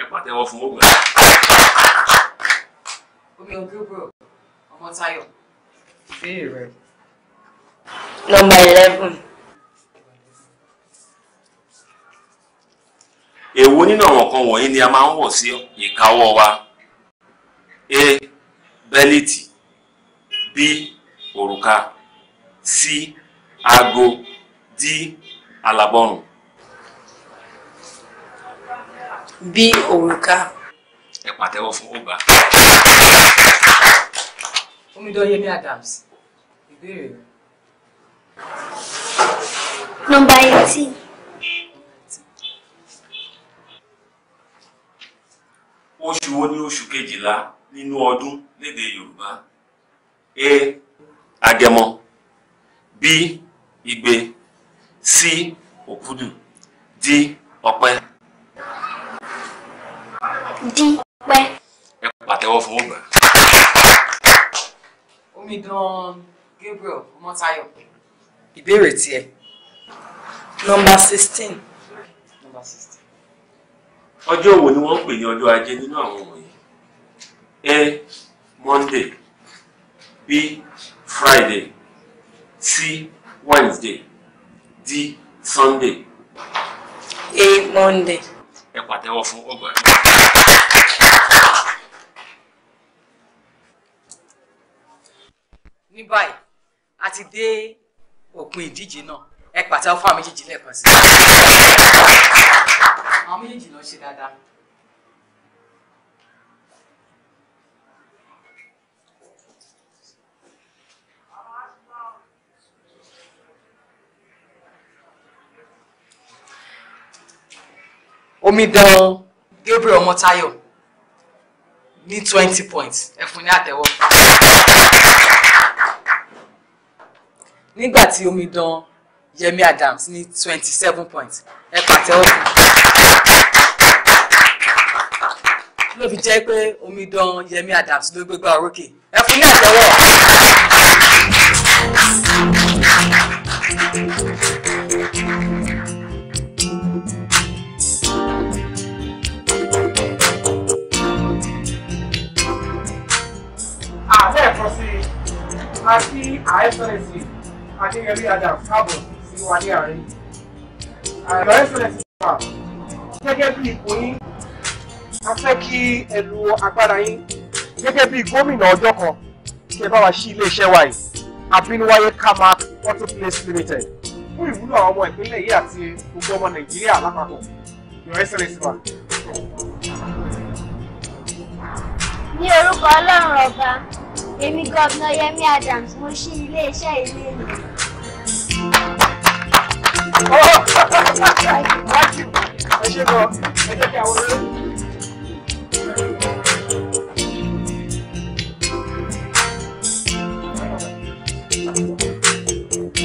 ẹ pàtẹ́wọ́ fún ogun. omi òdúró ọmọ Tayo. ìbéèrè. number eleven. èwo nínú àwọn kan wọ̀nyí ni a máa ń wọ̀ sí ìkáwọ́ wa a bẹ́líìtì b òrùka c aago d àlàbọ̀rùn. b òrùka. ẹ pàtẹ́wọ́ fún ọgbà. omidan Yemi Adams ìbéèrè. nọ́mbà eighteen. oṣù wo ni oṣù kejìlá nínú ọdún lédè yorùbá a agẹmọ b igbe c òkúdù d ọ̀pẹ. d pẹ. ẹ pàtẹ́wọ́ fún ògbà. omidan gabriel ọmọtayọ ìbéèrè tiẹ̀. nọ́mbà sixteen. nọ́mbà sixteen ọjọ́ wo ni wọ́n pè ní ọjọ́ ajé nínú àwọn wọ̀nyí a monday b friday c wednesday d sunday. a monday. ẹ pàtẹ́wọ́ fún ọgbà. ní báyìí a ti dé òpin ìdíje náà ẹ pàtẹ́wọ́ fún àmì jíjìn lẹ́ẹ̀kan sí i àwọn méjèèjì lọ ṣe dáadáa. omidan Gabriel Ọmọ́táyọ̀ ní twenty points ẹ fún ní àtẹ́wọ́. nígbà tí omidan Yemi Adams ní twenty seven points ẹ pàtẹ́wọ́ fún un. ló fi jẹ́ pé omidan Yẹmí Adams ló gbégbá orókè ẹ fún ní àtẹ́wọ́. àti ẹ̀kọ́ sí àti àìsànẹ̀sì àti Yẹmí Adams káàbọ̀ sí wa ní àárín àìsànẹ̀sì wà gẹ́gẹ́ bí ipò yín a fẹ́ kí ẹ lo agbára yín gẹ́gẹ́ bí gómìnà ọjọ́ kan kí ẹ bá wa ṣí iléeṣẹ́ wa yìí Abínwáyé Kamak Auto Place Limited fún ìwúlò àwọn ọmọ ìpínlẹ̀ yìí àti gbogbo ọmọ Nàìjíríà lápapọ̀ Your Excellency wa. ní orúkọ Ọlọ́run ọba èmi gómìnà Yẹmí Adams mo ṣí iléeṣẹ́ ilé mi. Ẹ ṣe gan, ẹ jẹ́ kí àwọn olóyún. Her Excellency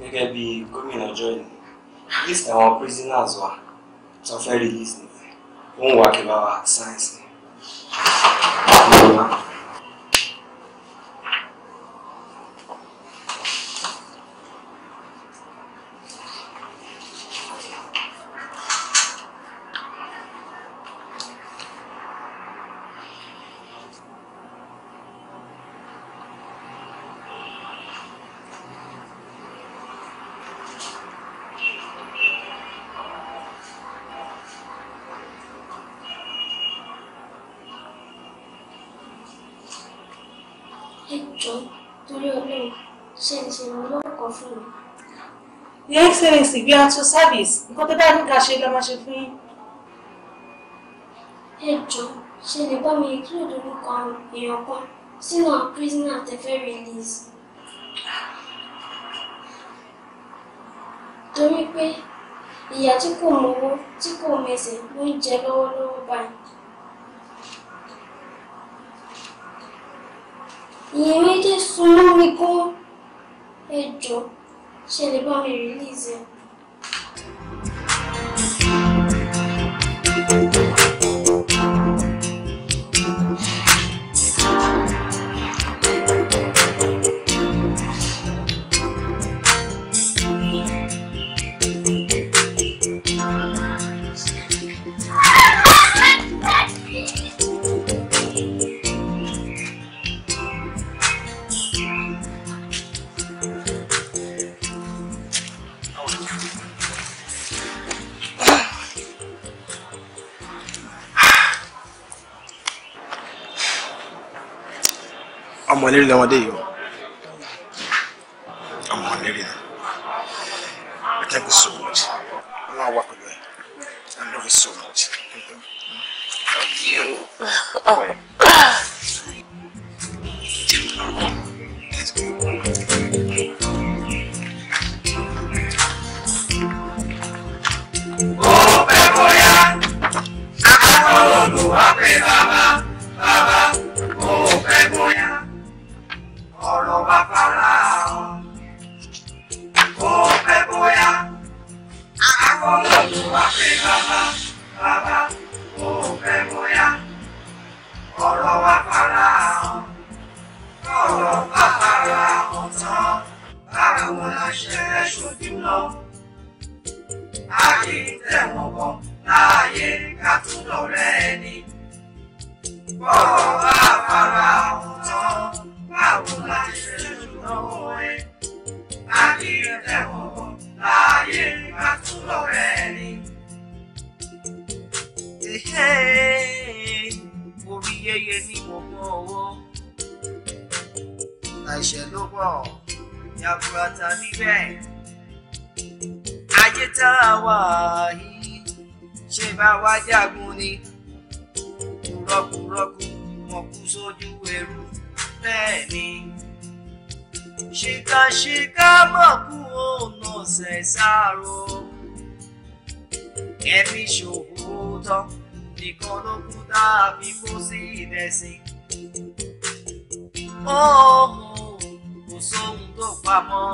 gẹ́gẹ́ bí gómìnà ọjọ́ ìní list àwọn prisoners wa tó fẹ́ release ni ó ń wá kí bá wa science ni. jọ̀ọ́ torí Ọlọ́run ṣe ń ṣe ìrànlọ́wọ́ kan fún mi. Your Excellency, we are to service. Nǹkan tó bá ní ká ṣe la máa ṣe fún yín. Ẹ jọ̀ọ́ ṣe lè bá mi kí òdòdókọ àwọn èèyàn kan sínú àwọn prisoner tẹ́fẹ́ release. Torí pé ìyà tí kò mọ́wọ́ tí kò mẹsẹ̀ ló ń jẹ lọ́wọ́lọ́wọ́ báyìí. ìyẹn sùúrù mi kó ẹ jọ ṣe lè ni dama de yo tẹ̀wọ̀n wọ̀ láàyè ká tún lọ́rẹ́ ni. orí yẹyẹ ni mo gbọ́ ayé tá a wà yìí ṣe bá wá jagun ni rọkùrọkù wọn kú sójú ẹrú bẹ́ẹ̀ ni. Shikashika makuo no sesaro Ẹ̀mí ṣòkòtọ́ nìkan ló kú tá a fi kó sí ìdẹ̀sìn. Ọmọ kò sóhun tó pamọ́.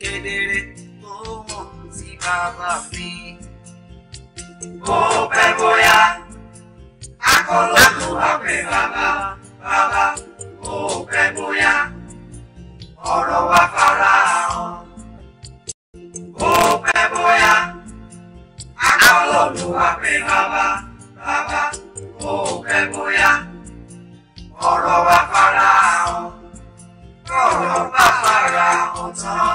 Kedere tó hàn sí bàbá oh, Ó pẹ́ bóyá, akọ́lọ́kùn wá pẹ́ bàbá, bàbá ó pẹ́ bóyá ọ̀rọ̀ wa fara hàn ó pẹ́ bóyá akọ́lọ́lù wa pé bàbá bàbá ó pẹ́ bóyá ọ̀rọ̀ wa fara hàn ọ̀rọ̀ bá fara hàn tán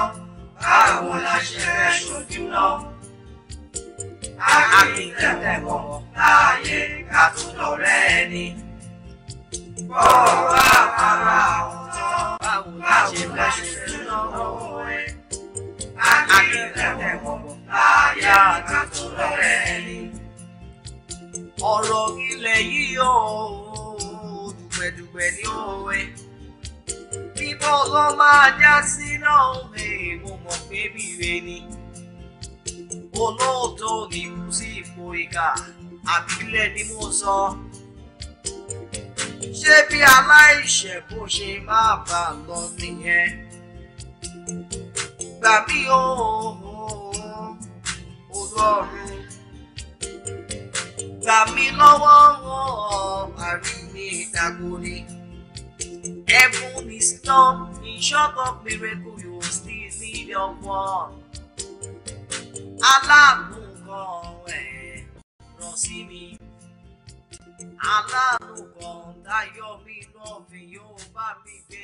báwo la ṣe fẹ́ ṣojú náà a kì í tẹ̀tẹ̀ bọ̀ láàyè ká tún lọ rẹ́ ẹni ọ̀rọ̀ àkàrà àwùjọ báwo la ṣe bá ṣe náwó ẹ̀ akíndẹ̀wọ̀ láyé àkàtọ̀ rẹ̀ ni. ọ̀rọ̀ ilẹ̀ yìí ó dùgbẹ̀dùgbẹ̀ ní òwe bíbọ́ ló máa já sí náà mo mọ̀ pé bíire ni olóòótọ́ ní kù sí ipò ìkà àbílẹ̀ ni mo sọ. So ṣé bí aláìṣẹ̀ bó ṣe máa bá a lọ nìyẹn gbà mí òun ọlọ́run gbà mí lọ́wọ́ wọn àríwí ìdàgbòrè heaven is not in short of miracle you will still see ẹ̀ rọ̀ sí mi aláàánú gan láyọ̀ mi inú ọ̀fìn yóò bá mi gbé